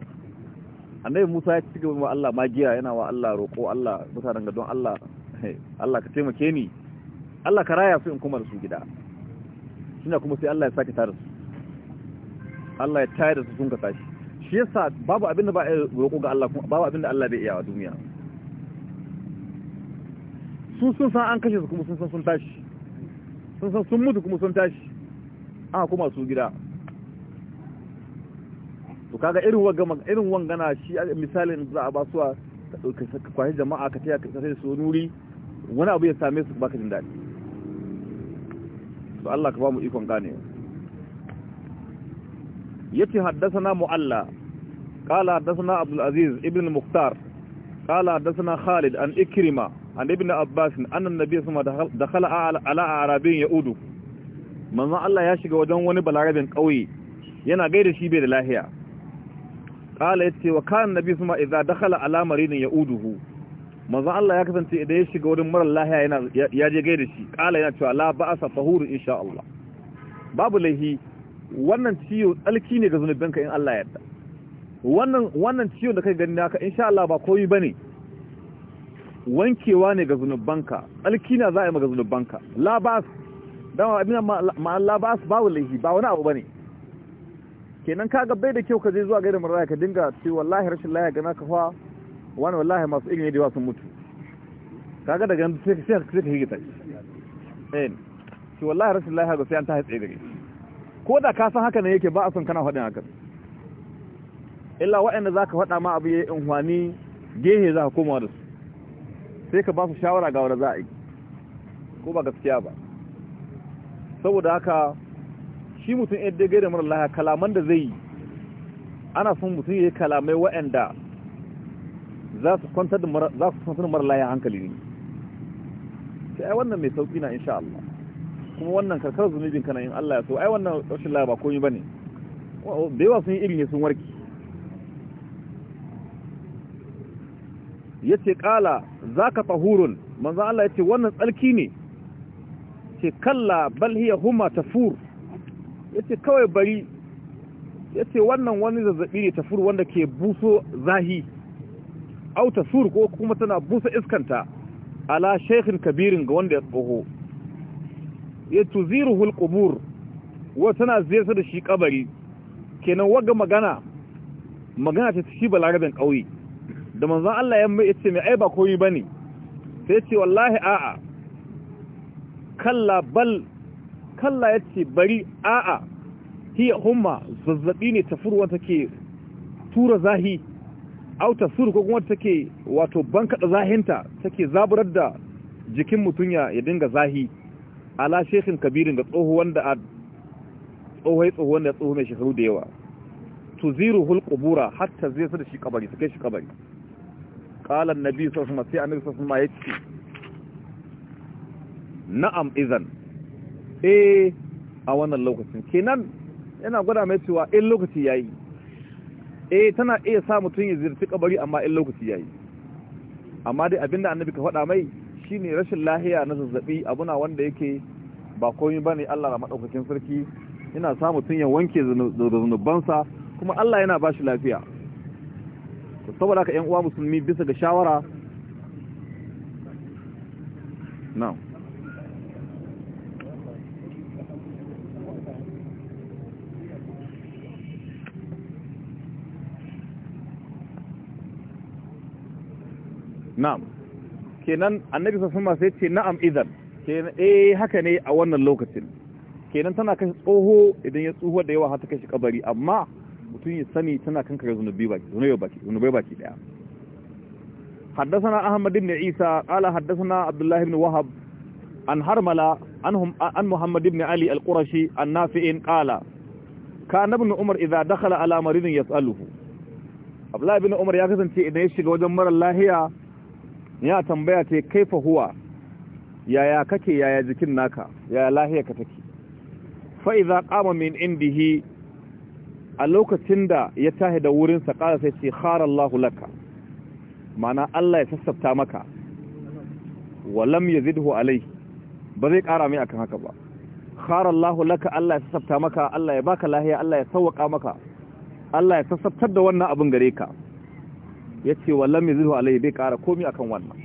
annabi musa ya ci gaba allah magiya yana wa allah roƙo allah mutanen ga don allah allah ka taimake ni allah ka raya su in kuma da su gida shine kuma sai allah ya sake tare su allah ya tayar da su sun ka tashi shi yasa babu abin da ba a roƙo ga allah babu abin da allah bai iya a duniya sun sun san an kashe su kuma sun san sun tashi sun san sun mutu kuma sun tashi aka kuma su gida to kaga irin wanga irin wangana shi misalin za a ba su ka jama'a ka taya ka sai su nuri wani abu ya same su baka jin daɗi to Allah ka ba mu ikon gane yace haddathana mu'alla qala haddathana abdul aziz ibn muktar muqtar qala haddathana khalid an ikrima an ibn abbas annan nabi sama dakhala ala arabin yaudu manzo Allah ya shiga wajen wani balarabin kauye yana gaida shi bai da lahiya qala yace wa kana nabi sama idza dakhala ala marin yauduhu manzo Allah ya kasance idan ya shiga wurin mara lahiya yana ya je gaida shi qala yana cewa la ba'sa tahuru insha Allah babu lahi wannan ciwo tsalki ne ga zunubanka in Allah ya yarda wannan wannan ciyo da kai gani naka insha Allah ba koyi bane wankewa ne ga zunubanka alkina za a yi maga zunubanka labas dama abin ma'an labas babu laifi ba wani abu ba ne. kenan kaga bai da kyau ka je zuwa gaida maraya ka dinga ce wallahi rashin laya gana ka fa wani wallahi masu ilimin yadda sun mutu ga daga sai ka sai ka higita eh, wallahi rashin laya ga sai an ta hatsi gare ko da ka san haka ne yake ba a son kana faɗin haka illa waɗanda za ka faɗa ma abu ya yi in gehe za ka komawa da su sai ka ba su shawara ga wani za a yi ko ba gaskiya ba saboda haka shi mutum yadda gai da marar kalaman da zai yi ana son mutum ya yi kalamai waɗanda za su kwantar da marar laya hankali ne sai ai wannan mai sauƙi na insha Allah kuma wannan karkar zunubin kana yin Allah ya so ai wannan rashin laya ba komi ba ne da yawa sun yi irin ya sun warki ya ce ƙala za ka tahurun manzan Allah ya ce wannan tsarki ne ce kalla balhiya huma tafur ya ce kawai bari ya ce wannan wani zazzaɓi ne tafur wanda ke buso zahi au fur ko kuma tana busa iskanta ala shekhin kabirin ga wanda ya tsoho ya tuziru hulƙubur wa tana ziyarta da shi kabari kenan waga magana magana ta shi balarabin ƙauye da manzon Allah ya ce mai ai ba koyi bane sai ce wallahi a'a kalla bal kalla yace bari a'a hiya humma zazzabi ne wanda take tura zahi au tafsir ko kuma take wato bankada zahinta take zaburar da jikin mutunya ya dinga zahi ala shekhin kabirin ga tsoho wanda a tsohai tsoho wanda ya tsoho mai shekaru da yawa tuziru hulqubura hatta zai su da shi kabari take shi kabari قال النبي صلى الله عليه وسلم سي النبي صلى الله na'am izan eh a wannan lokacin kenan yana gwada mai cewa in lokaci yayi eh tana iya sa mutum ya zirci kabari amma in lokaci yi amma dai abinda annabi ka faɗa mai shine rashin lahiya na zazzabi abuna wanda yake ba komai ne Allah na sarki yana sa mutum ya wanke zunubansa kuma Allah yana bashi lafiya saboda ka 'yan uwa musulmi bisa ga shawara now na'am kenan annabi sallallahu alaihi wasallam sai na'am idan kenan eh haka ne a wannan lokacin kenan tana kashe tsoho idan ya tsuhuwa da yawa har ta kashe kabari amma mutum ya sani tana kan kare zunubi baki zunubi baki zunubi baki daya haddathana ahmad ibn isa qala haddathana abdullahi ibn wahab an harmala an muhammad ibn ali alkurashi an nafi'in qala kana ibn umar idan dakhala alamarinin ya yas'aluhu abdullahi ibn umar ya kasance idan ya shiga wajen mara lahiya ya tambaya ce kaifa huwa yaya kake yaya jikin naka yaya lahiya ka take fa idha qama min indihi a lokacin da ya tahi da wurinsa ƙara sai ce kharallahu laka mana Allah ya sassafta maka walam yazidhu alai ba zai ƙara mai akan haka ba kharallahu laka Allah ya sassafta maka Allah ya baka lahiya Allah ya sauwaka maka Allah ya sassaftar da wannan abin gare ka yace walam yazidhu alai bai ƙara komai akan wannan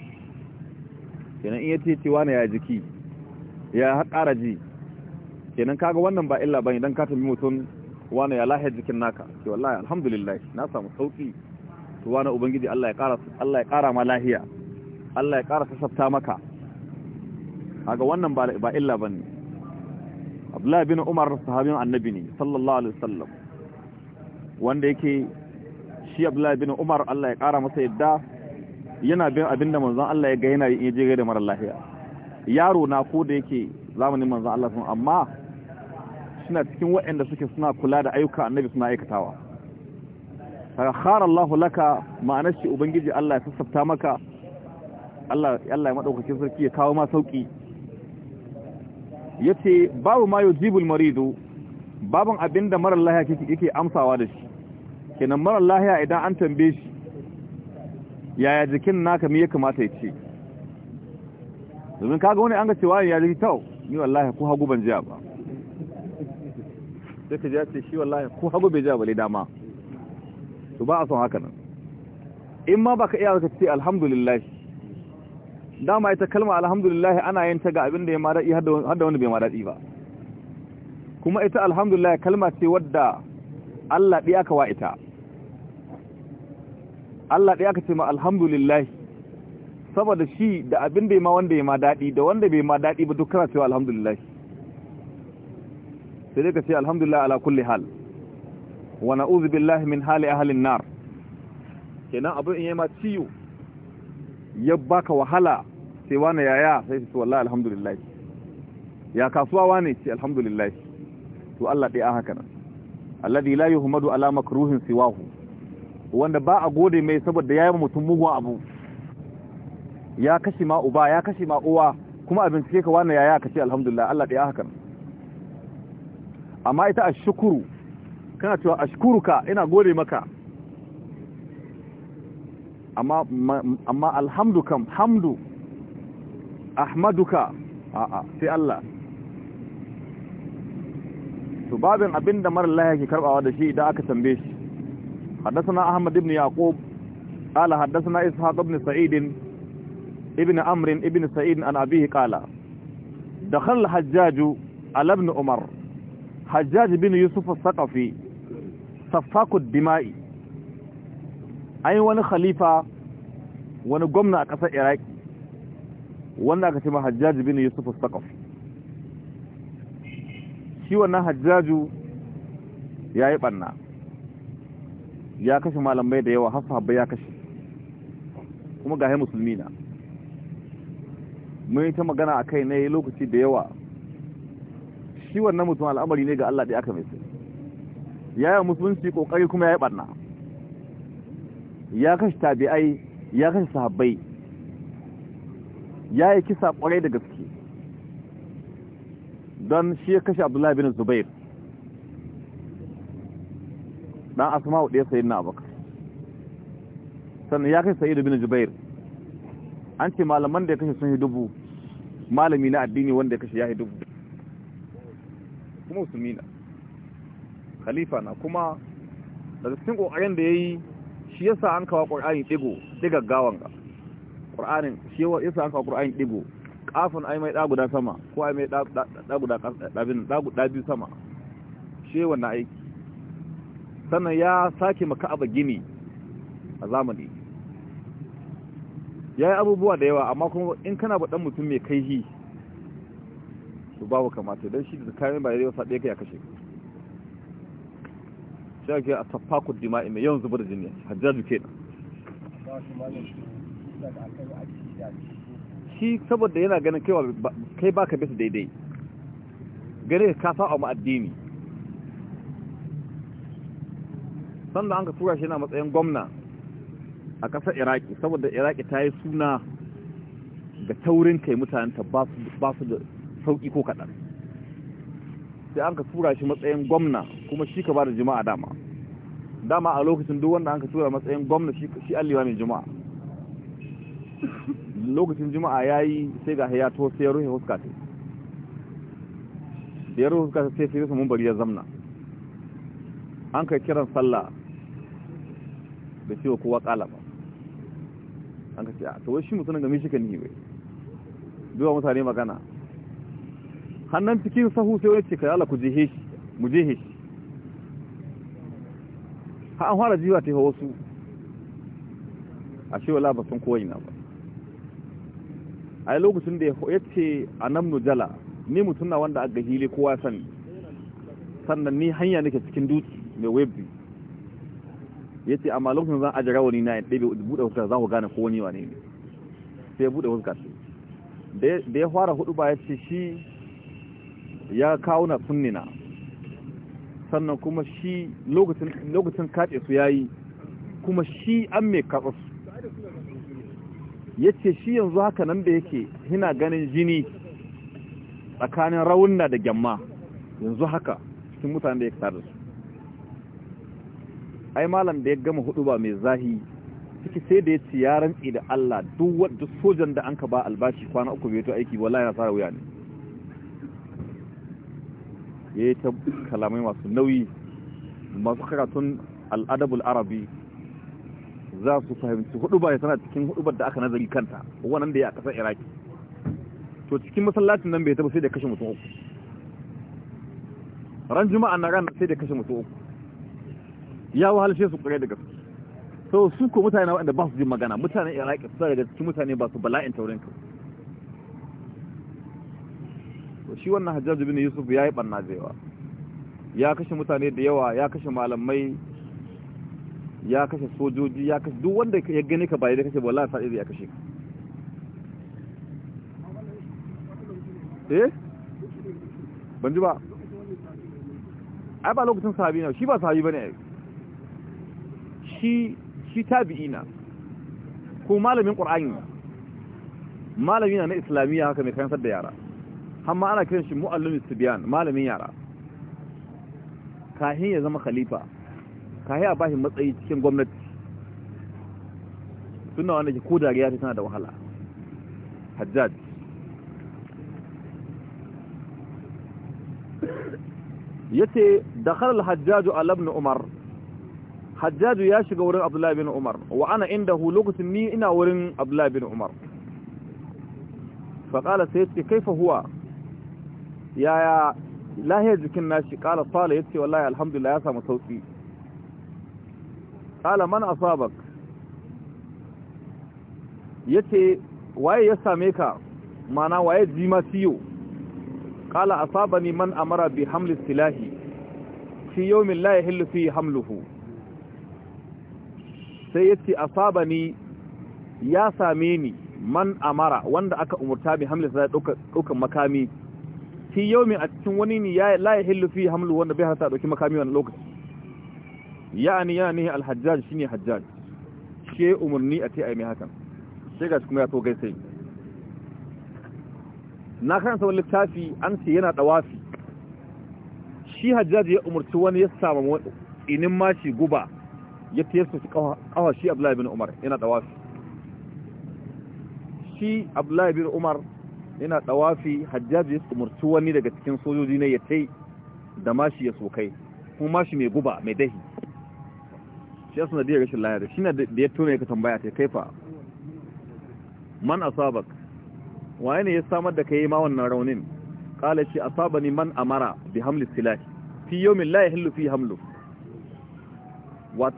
kenan in yace cewa ne ya jiki ya ƙara ji kenan kaga wannan ba illa bane dan ka tambi mutum wani ya lahe jikin naka ke wallahi alhamdulillah na samu sauki to wani ubangiji Allah ya ƙara Allah ya ƙara ma lahiya Allah ya ƙara sassafta maka kaga wannan ba ba illa bane Abdullah bin Umar sahabin annabi ne sallallahu alaihi wasallam wanda yake shi Abdullah bin Umar Allah ya ƙara masa yadda yana bin abinda manzon Allah ya ga yana yi je ga da mara lahiya yaro na ko da yake zamanin manzon Allah sun amma suna cikin waɗanda suke suna kula da ayyuka annabi suna aikatawa khara Allah laka ma'anar shi ubangiji Allah ya sassafta maka Allah Allah ya madaukakin sarki ya kawo ma sauki yace babu ma yujibul maridu baban abinda marar lahiya yake amsawa da shi kenan marar lahiya idan an tambaye shi yaya jikin naka me ya kamata ya ce domin kaga wani an ga cewa ya jiki tau ni wallahi ko hagu ban jiya ba sai ka ja ce shi wallahi ko hagu bai ja bale dama to ba a son haka nan in ma baka iya ka ce alhamdulillah dama ita kalma alhamdulillah ana yin ta ga abin da ya ma daɗi har da wanda bai ma daɗi ba kuma ita alhamdulillah kalma ce wadda Allah ɗaya ka wa ita Allah ɗaya ka ce ma alhamdulillah saboda shi da abin da ya ma wanda ya ma daɗi da wanda bai ma daɗi ba duk kana cewa alhamdulillah sai dai ka ce alhamdulillah ala kulli hal wa na'udhu billahi min hali ahlin nar kenan abin in ma ciyo ya baka wahala sai wani yaya sai ce wallahi alhamdulillah ya kasuwa wani ce alhamdulillah to Allah dai a haka nan alladhi la yuhmadu ala makruhin siwahu wanda ba a gode mai saboda yayi mutum mugun abu ya kashi ma uba ya kashi ma uwa kuma abin sai ka wani yaya ka ce alhamdulillah Allah dai a haka nan amma ita ashkuru kana cewa ashkuruka ina gode maka amma amma alhamdu kam hamdu ahmaduka a'a sai Allah to babin abinda mara lahiya ke karbawa da shi idan aka tambaye shi حدثنا ahmad ibn yaqub qala حدثنا ishaq ibn sa'id ibn amr ibn sa'id an أبيه qala دخل الحجاج على ابن عمر hajjaj bin yusuf al-saqafi safakud dima'i ai wani khalifa wani gwamna a ƙasar iraki wanda aka ce ma hajjaj bin yusuf al-saqafi shi wannan hajjaju ya yi ɓanna ya kashe malamai da yawa hafa ya kashe kuma ga musulmi na mun yi ta magana a kai na yi lokaci da yawa shi wannan mutum al'amari ne ga Allah da aka mai sai ya yi musulunci kokari kuma ya yi barna ya kashe tabi'ai ya kashe sahabbai ya yi kisa kwarai da gaske don shi ya kashe abdullahi bin zubair dan hudu ya sayi na abakar sannan ya kashe sayi bin zubair an ce malaman da ya kashe sun yi dubu malami na addini wanda ya kashe ya yi dubu kuma musulmi na khalifa na kuma daga cikin kokarin da yayi shi yasa an kawo qur'ani digo gawan ga qur'anin shi yasa an kawo qur'ani digo kafin ai mai da guda sama ko ai mai da guda dabin da guda biyu sama shi wannan aiki sannan ya sake maka abu gini a zamani ya yi abubuwa da yawa amma kuma in kana ba dan mutum mai kaihi to babu kamata don shi da kayan bayan daidai saɗe ka ya kashe shi ake a tafakun dima'i mai yawan zubar da jini hajjaju ke da shi saboda yana ganin kaiwa kai baka bisa daidai gare ka saba mu addini sanda an ka tura shi yana matsayin gwamna a ƙasar iraki saboda iraki ta yi suna ga taurin kai mutanen ta ba su da sauki ko kaɗan sai an ka tura shi matsayin gwamna kuma shi ka ba da jima'a dama dama a lokacin duk wanda an ka tura matsayin gwamna shi alliwa mai jima'a lokacin jima'a ya yi sai ga haya to sai ya ruhe huska ta da ya ruhe huska ta sai sai mun bari ya zamna an kai kiran sallah da cewa kowa kala ba an ka ce a to wai shi mutumin ga shi ka ni bai duwa mutane magana hannan cikin sahu sai wani ce kai Allah ku jihe shi mu jihe shi ha an fara jiwa ta yi wasu a shi wala kowai na ba a yi lokacin da ya ce a nan nujala ni mutum na wanda aga hili kowa sani sannan ni hanya nake cikin dutse mai webbi ya ce amma lokacin zan ajira wani na ya bude buɗe huskar za ku gane ko wani wane ne sai ya buɗe huskar da ya fara hudu ba ya ce shi ya kawo na sunnina sannan kuma shi lokacin kace su yayi kuma shi an mai katsa su ya ce shi yanzu haka nan da yake hina ganin jini tsakanin raunna da gyamma yanzu haka cikin mutane da ya kasar su ai malam da ya gama hudu ba mai zahi ciki sai da ya ci ya tsi da Allah duk sojan da an ka ba albashi kwana uku bai to aiki wallahi na tsara wuya ne ya yi ta kalamai masu nauyi masu karatun al'adabul arabi za su fahimci hudu ba ya tana cikin hudu da aka nazari kanta wannan da ya a iraki to cikin masallacin nan bai taba sai da kashe mutum uku ran juma'a na ran sai da kashe mutum uku ya shi su kare daga su so su ko mutane wanda ba su ji magana mutanen iraki su daga cikin mutane ba su bala'in taurin kai to shi wannan hajjaj bin yusuf ya yi barna da yawa ya kashe mutane da yawa ya kashe malamai ya kashe sojoji ya kashe duk wanda ya gani ka bai da kashe wallahi sai da ya kashe ka eh ban ji ba ai ba lokacin sahabi na shi ba sahabi bane shi shi na ko malamin qur'ani malami na na islamiyya haka mai kansar da yara amma ana kiran shi mu'allimi sibiyan malamin yara kahin ya zama khalifa kahin a bashi matsayi cikin gwamnati suna wanda ke ko dariya ta tana da wahala hajjaj ya ce dakhalar hajjaju labin umar hajjaju ya shiga wurin abdullahi bin umar wa ana inda hu lokacin ni ina wurin abdullahi bin umar faƙala sai ce kaifa huwa yaya lahiyar jikin nashi kala sala yace wallahi alhamdulillah ya samu sauki kala man asabak yace waye ya same ka mana waye jima siyo kala asabani man amara bi hamli silahi fi yawmin la yahillu hamluhu sai yace asabani ya same ni man amara wanda aka umurta bi hamli silahi ɗaukan makami fi yawmin a cikin wani ne ya la yahillu fi hamlu wanda bai hasa dauki makami wannan lokaci ya'ani yani al-hajjaj shine hajjaj she umurni a tai ai mai hakan sai ga kuma ya to gaisai na kan sa littafi an ce yana dawafi shi hajjaj ya umurci wani ya samu inin mashi guba ya tiyarsa shi kawa shi Abdullahi bin Umar yana dawafi shi Abdullahi bin Umar yana dawafi hajjaji ya umarci wani daga cikin sojoji ne ya tai da mashi ya sokai kuma mashi mai guba mai dahi shi ya sanadiyar rashin layar shi na da ya tuna ka tambaya ta kaifa man asabak waye ne ya samar da kai ma wannan raunin kala shi asabani man amara bi hamlis silahi fi yawmin la yahillu fi hamlu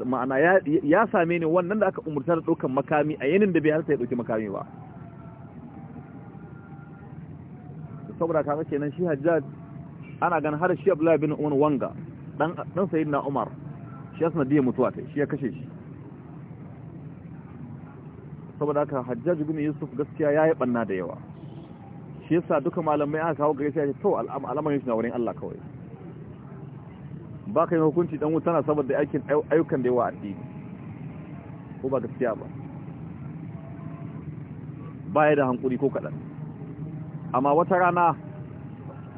ma'ana ya same ni wannan da aka umurta da ɗaukan makami a yanin da bai harta ya dauki makami ba saboda kaga kenan shi hajjaj ana ganin har shi abdullahi bin umar wanga dan dan sayyidina umar shi ya sanadiyar mutuwa ta shi ya kashe shi saboda ka hajjaj bin yusuf gaskiya yayi banna da yawa shi yasa duka malamai aka kawo gare shi ya ce to al'amarin shi na wurin Allah kawai ba ka yi hukunci dan wuta na saboda aikin ayyukan da yawa addini ko ba gaskiya ba baya da hankuri ko kaɗan amma wata rana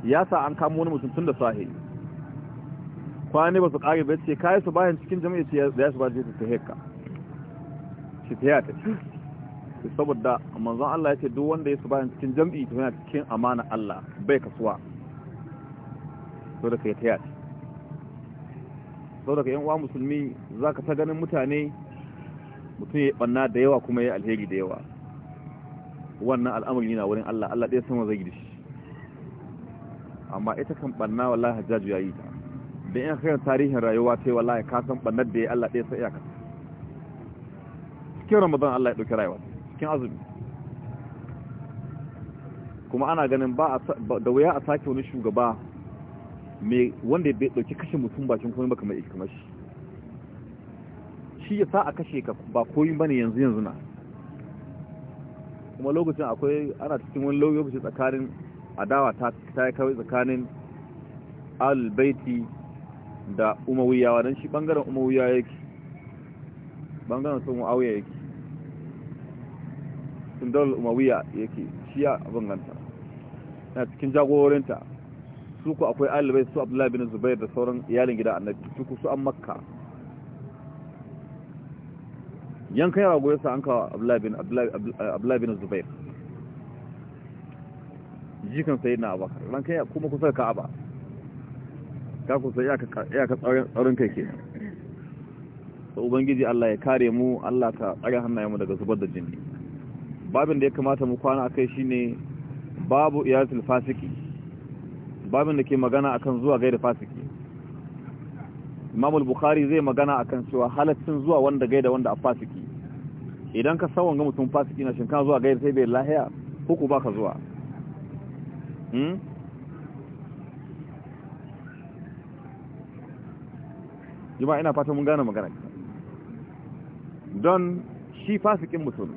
ya sa an kamo wani mutum tun da sahi kwanani ba su kare ba ce kayi su bayan cikin jami'a ce ya su ba ce ta heka shi ta yata ce saboda manzon Allah ya ce duk wanda ya su bayan cikin jami'a ta yana cikin amana Allah bai kasuwa saboda ka yi ta yata saboda ka yan uwa musulmi za ka ta ganin mutane mutum ya yi ɓanna da yawa kuma ya yi alheri da yawa wannan al'amari na wurin Allah Allah ɗaya sama zai gidishi amma ita kan ɓanna wallahi hajjaju ya yi ta da yin kayan tarihin rayuwa ta yi wallahi ka san ɓannar da ya Allah ɗaya sai iyaka cikin ramadan Allah ya ɗauki rayuwa cikin azumi kuma ana ganin ba da wuya a sake wani shugaba mai wanda bai ɗauki kashe mutum bakin komai ba kamar shi shi ya sa a kashe ka ba koyi bane yanzu yanzu na kuma lokacin akwai ana cikin wani lokaci tsakanin adawa ta ta kawai tsakanin albaiti da umawiyawa don shi bangaren umawiya yake bangaren sun mu'awiya yake sun daular umawiya yake shi ya abin na cikin jagororinta su ku akwai alibai su abdullahi bin zubair da sauran iyalin gida annabi su ku su an makka yankan rago ya sa an kawo abdullahi na eh, zubair jikan sayi na abakar ranka ya kuma kusa aba ka kusa ka tsarin kai ke ta ubangiji allah ya kare mu allah ka tsare hannayenmu daga zubar da jini babin da ya kamata mu kwana a kai shine babu iyatul fasiki babin da ke magana akan zuwa gaida fasiki imamul bukari zai magana akan cewa halaccin zuwa wanda gaida wanda a fasiki idan ka sawon ga mutum fasiki na shinkan zuwa gayar sai bai lahiya huku ba ka zuwa hmm? jima ina fata mun gane magana don shi fasikin mutum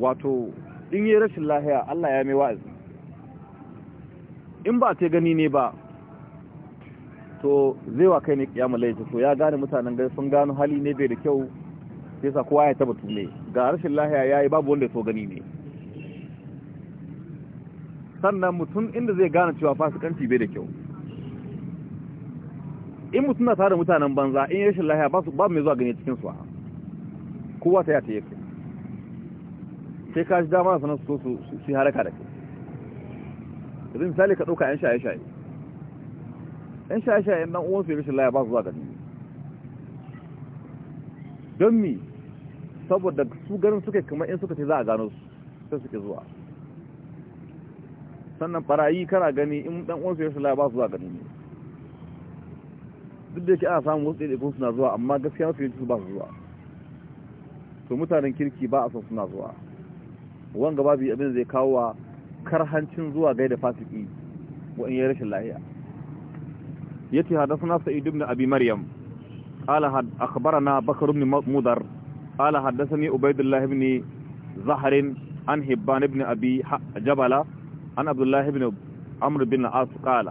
wato in yi rashin lahiya Allah ya mai wa'azi in ba ta gani ne ba to zai wa kai ne mulai ta so ya gane mutanen gari sun gano hali ne bai da kyau sai sa kowa ya taba tume ga rashin lahiya yayi babu wanda ya so gani ne sannan mutum inda zai gane cewa fasikanci bai da kyau in mutum na tare mutanen banza in rashin lahiya ba su babu mai zuwa gani cikin su kowa ta ya ta yake sai ka ji dama sanar su su su haraka da kai yanzu misali ka ɗauka 'yan shaye-shaye 'yan shaye-shaye ɗan uwansu ya rashin lahiya ba su zuwa gani don mi saboda su ganin suka kuma in suka ce za a gano su sai suke zuwa sannan barayi kana gani in dan uwansu ya shula ba su zuwa gani ne duk da yake ana samun wasu ɗaiɗaikun suna zuwa amma gaskiya mafi yanci su ba su zuwa to mutanen kirki ba a son suna zuwa wanga babu abin zai kawo wa karhancin zuwa gaida fasiki wa in yi rashin lahiya yace hadasuna sa'id ibn abi maryam qala akhbarana bakr ibn mudar قال حدثني عبيد الله بن زهر عن هبان بن أبي جبل عن عبد الله بن عمرو بن عاص قال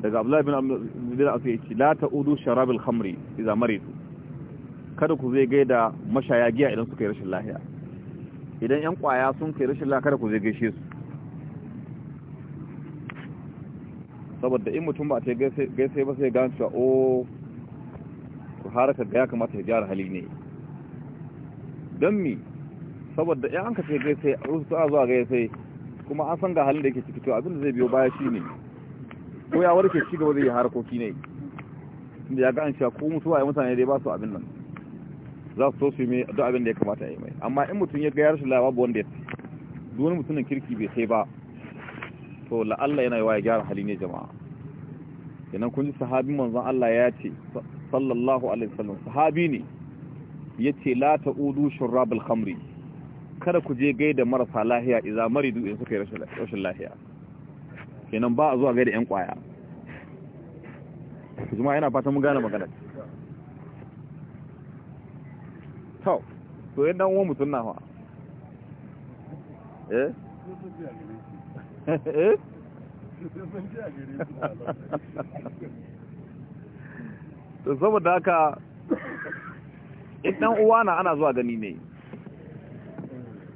daga Abdullahi bin Abdullahi Asu ya ce la ta'udu sharabil khamri idza maritu kada ku zai gaida mashaya giya idan suka yi rashin lahiya idan yan kwaya sun kai rashin lahiya kada ku zai gaishe su saboda in mutum ba ta gaishe ba sai gane o ku haraka ga ya kamata ya gyara hali ne don mi saboda ya an ka ce gai sai rusu a zuwa gai sai kuma an san ga halin da yake ciki to abinda zai biyo baya shi ne ko ya warke ci gaba zai yi harkoki ne inda ya ga an cewa ko a yi mutane dai ba su abin nan za su so su yi mai duk abin da ya kamata ya yi mai amma in mutum ya ga ya rashin labar babu wanda ya ce duk wani mutumin kirki bai sai ba to la'alla yana yi wa ya gyara hali ne jama'a kenan kun ji sahabin manzon Allah ya ce sallallahu alaihi wasallam sahabi ne ya ce la ta'udu shurrabul khamri kada ku je gaida marasa lahiya iza maridu in suka yi rashin lahiya kenan ba a zuwa gaida yan kwaya kuma yana fatan mun gane magana to to yanda uwan mutun na fa eh <laughs> eh <laughs> to saboda haka idan uwa na ana zuwa gani ne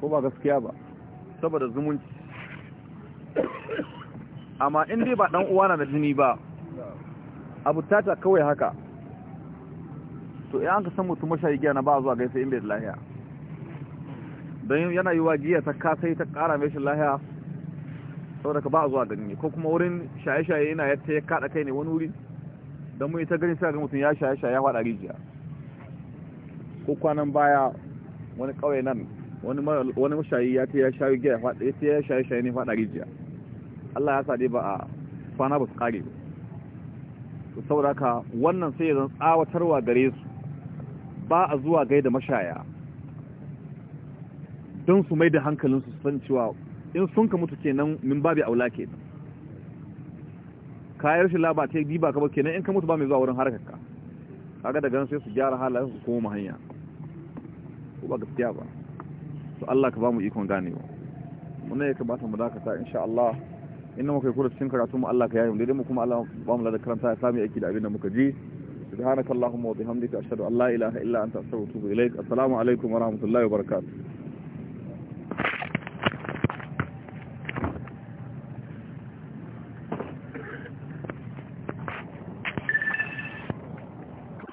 ko ba gaskiya ba saboda zumunci amma in dai ba dan uwa na da jini ba abu tata kawai haka to in an ka san mutum mashayi giya na ba zuwa gaisa in bai da lahiya don yana yi wa giya ta kasai ta kara mai shi lahiya saboda ka ba zuwa gani ko kuma wurin shaye-shaye yana yatta ya kada kai ne wani wuri don mu yi ta gani sai ga mutum ya shaye-shaye ya faɗa rijiya ko kwanan baya wani kawai nan wani mashayi ya ce ya shayi giya ya ya shayi shayi ne faɗa rijiya Allah ya sa dai ba a kwana ba su kare ba saboda ka wannan sai zan tsawatarwa gare su ba a zuwa gaida mashaya don su mai da hankalin su san cewa in sun ka mutu kenan min babi aula kenan kayar shi laba ta yi diba ka ba kenan in ka mutu ba mai zuwa wurin harkarka kaga daga nan sai su gyara halayen su koma hanya ko ba gaskiya ba to Allah ka ba mu ikon ganewa ne ya kamata mu dakata insha Allah inda muka yi cikin karatu mu Allah ka yayi mu daidai mu kuma Allah ba mu da karanta ya sami aiki da abin da muka ji subhanakallahumma wa bihamdika ashhadu an la ilaha illa anta astaghfiruka wa atubu ilaik assalamu alaikum wa rahmatullahi wa barakatuh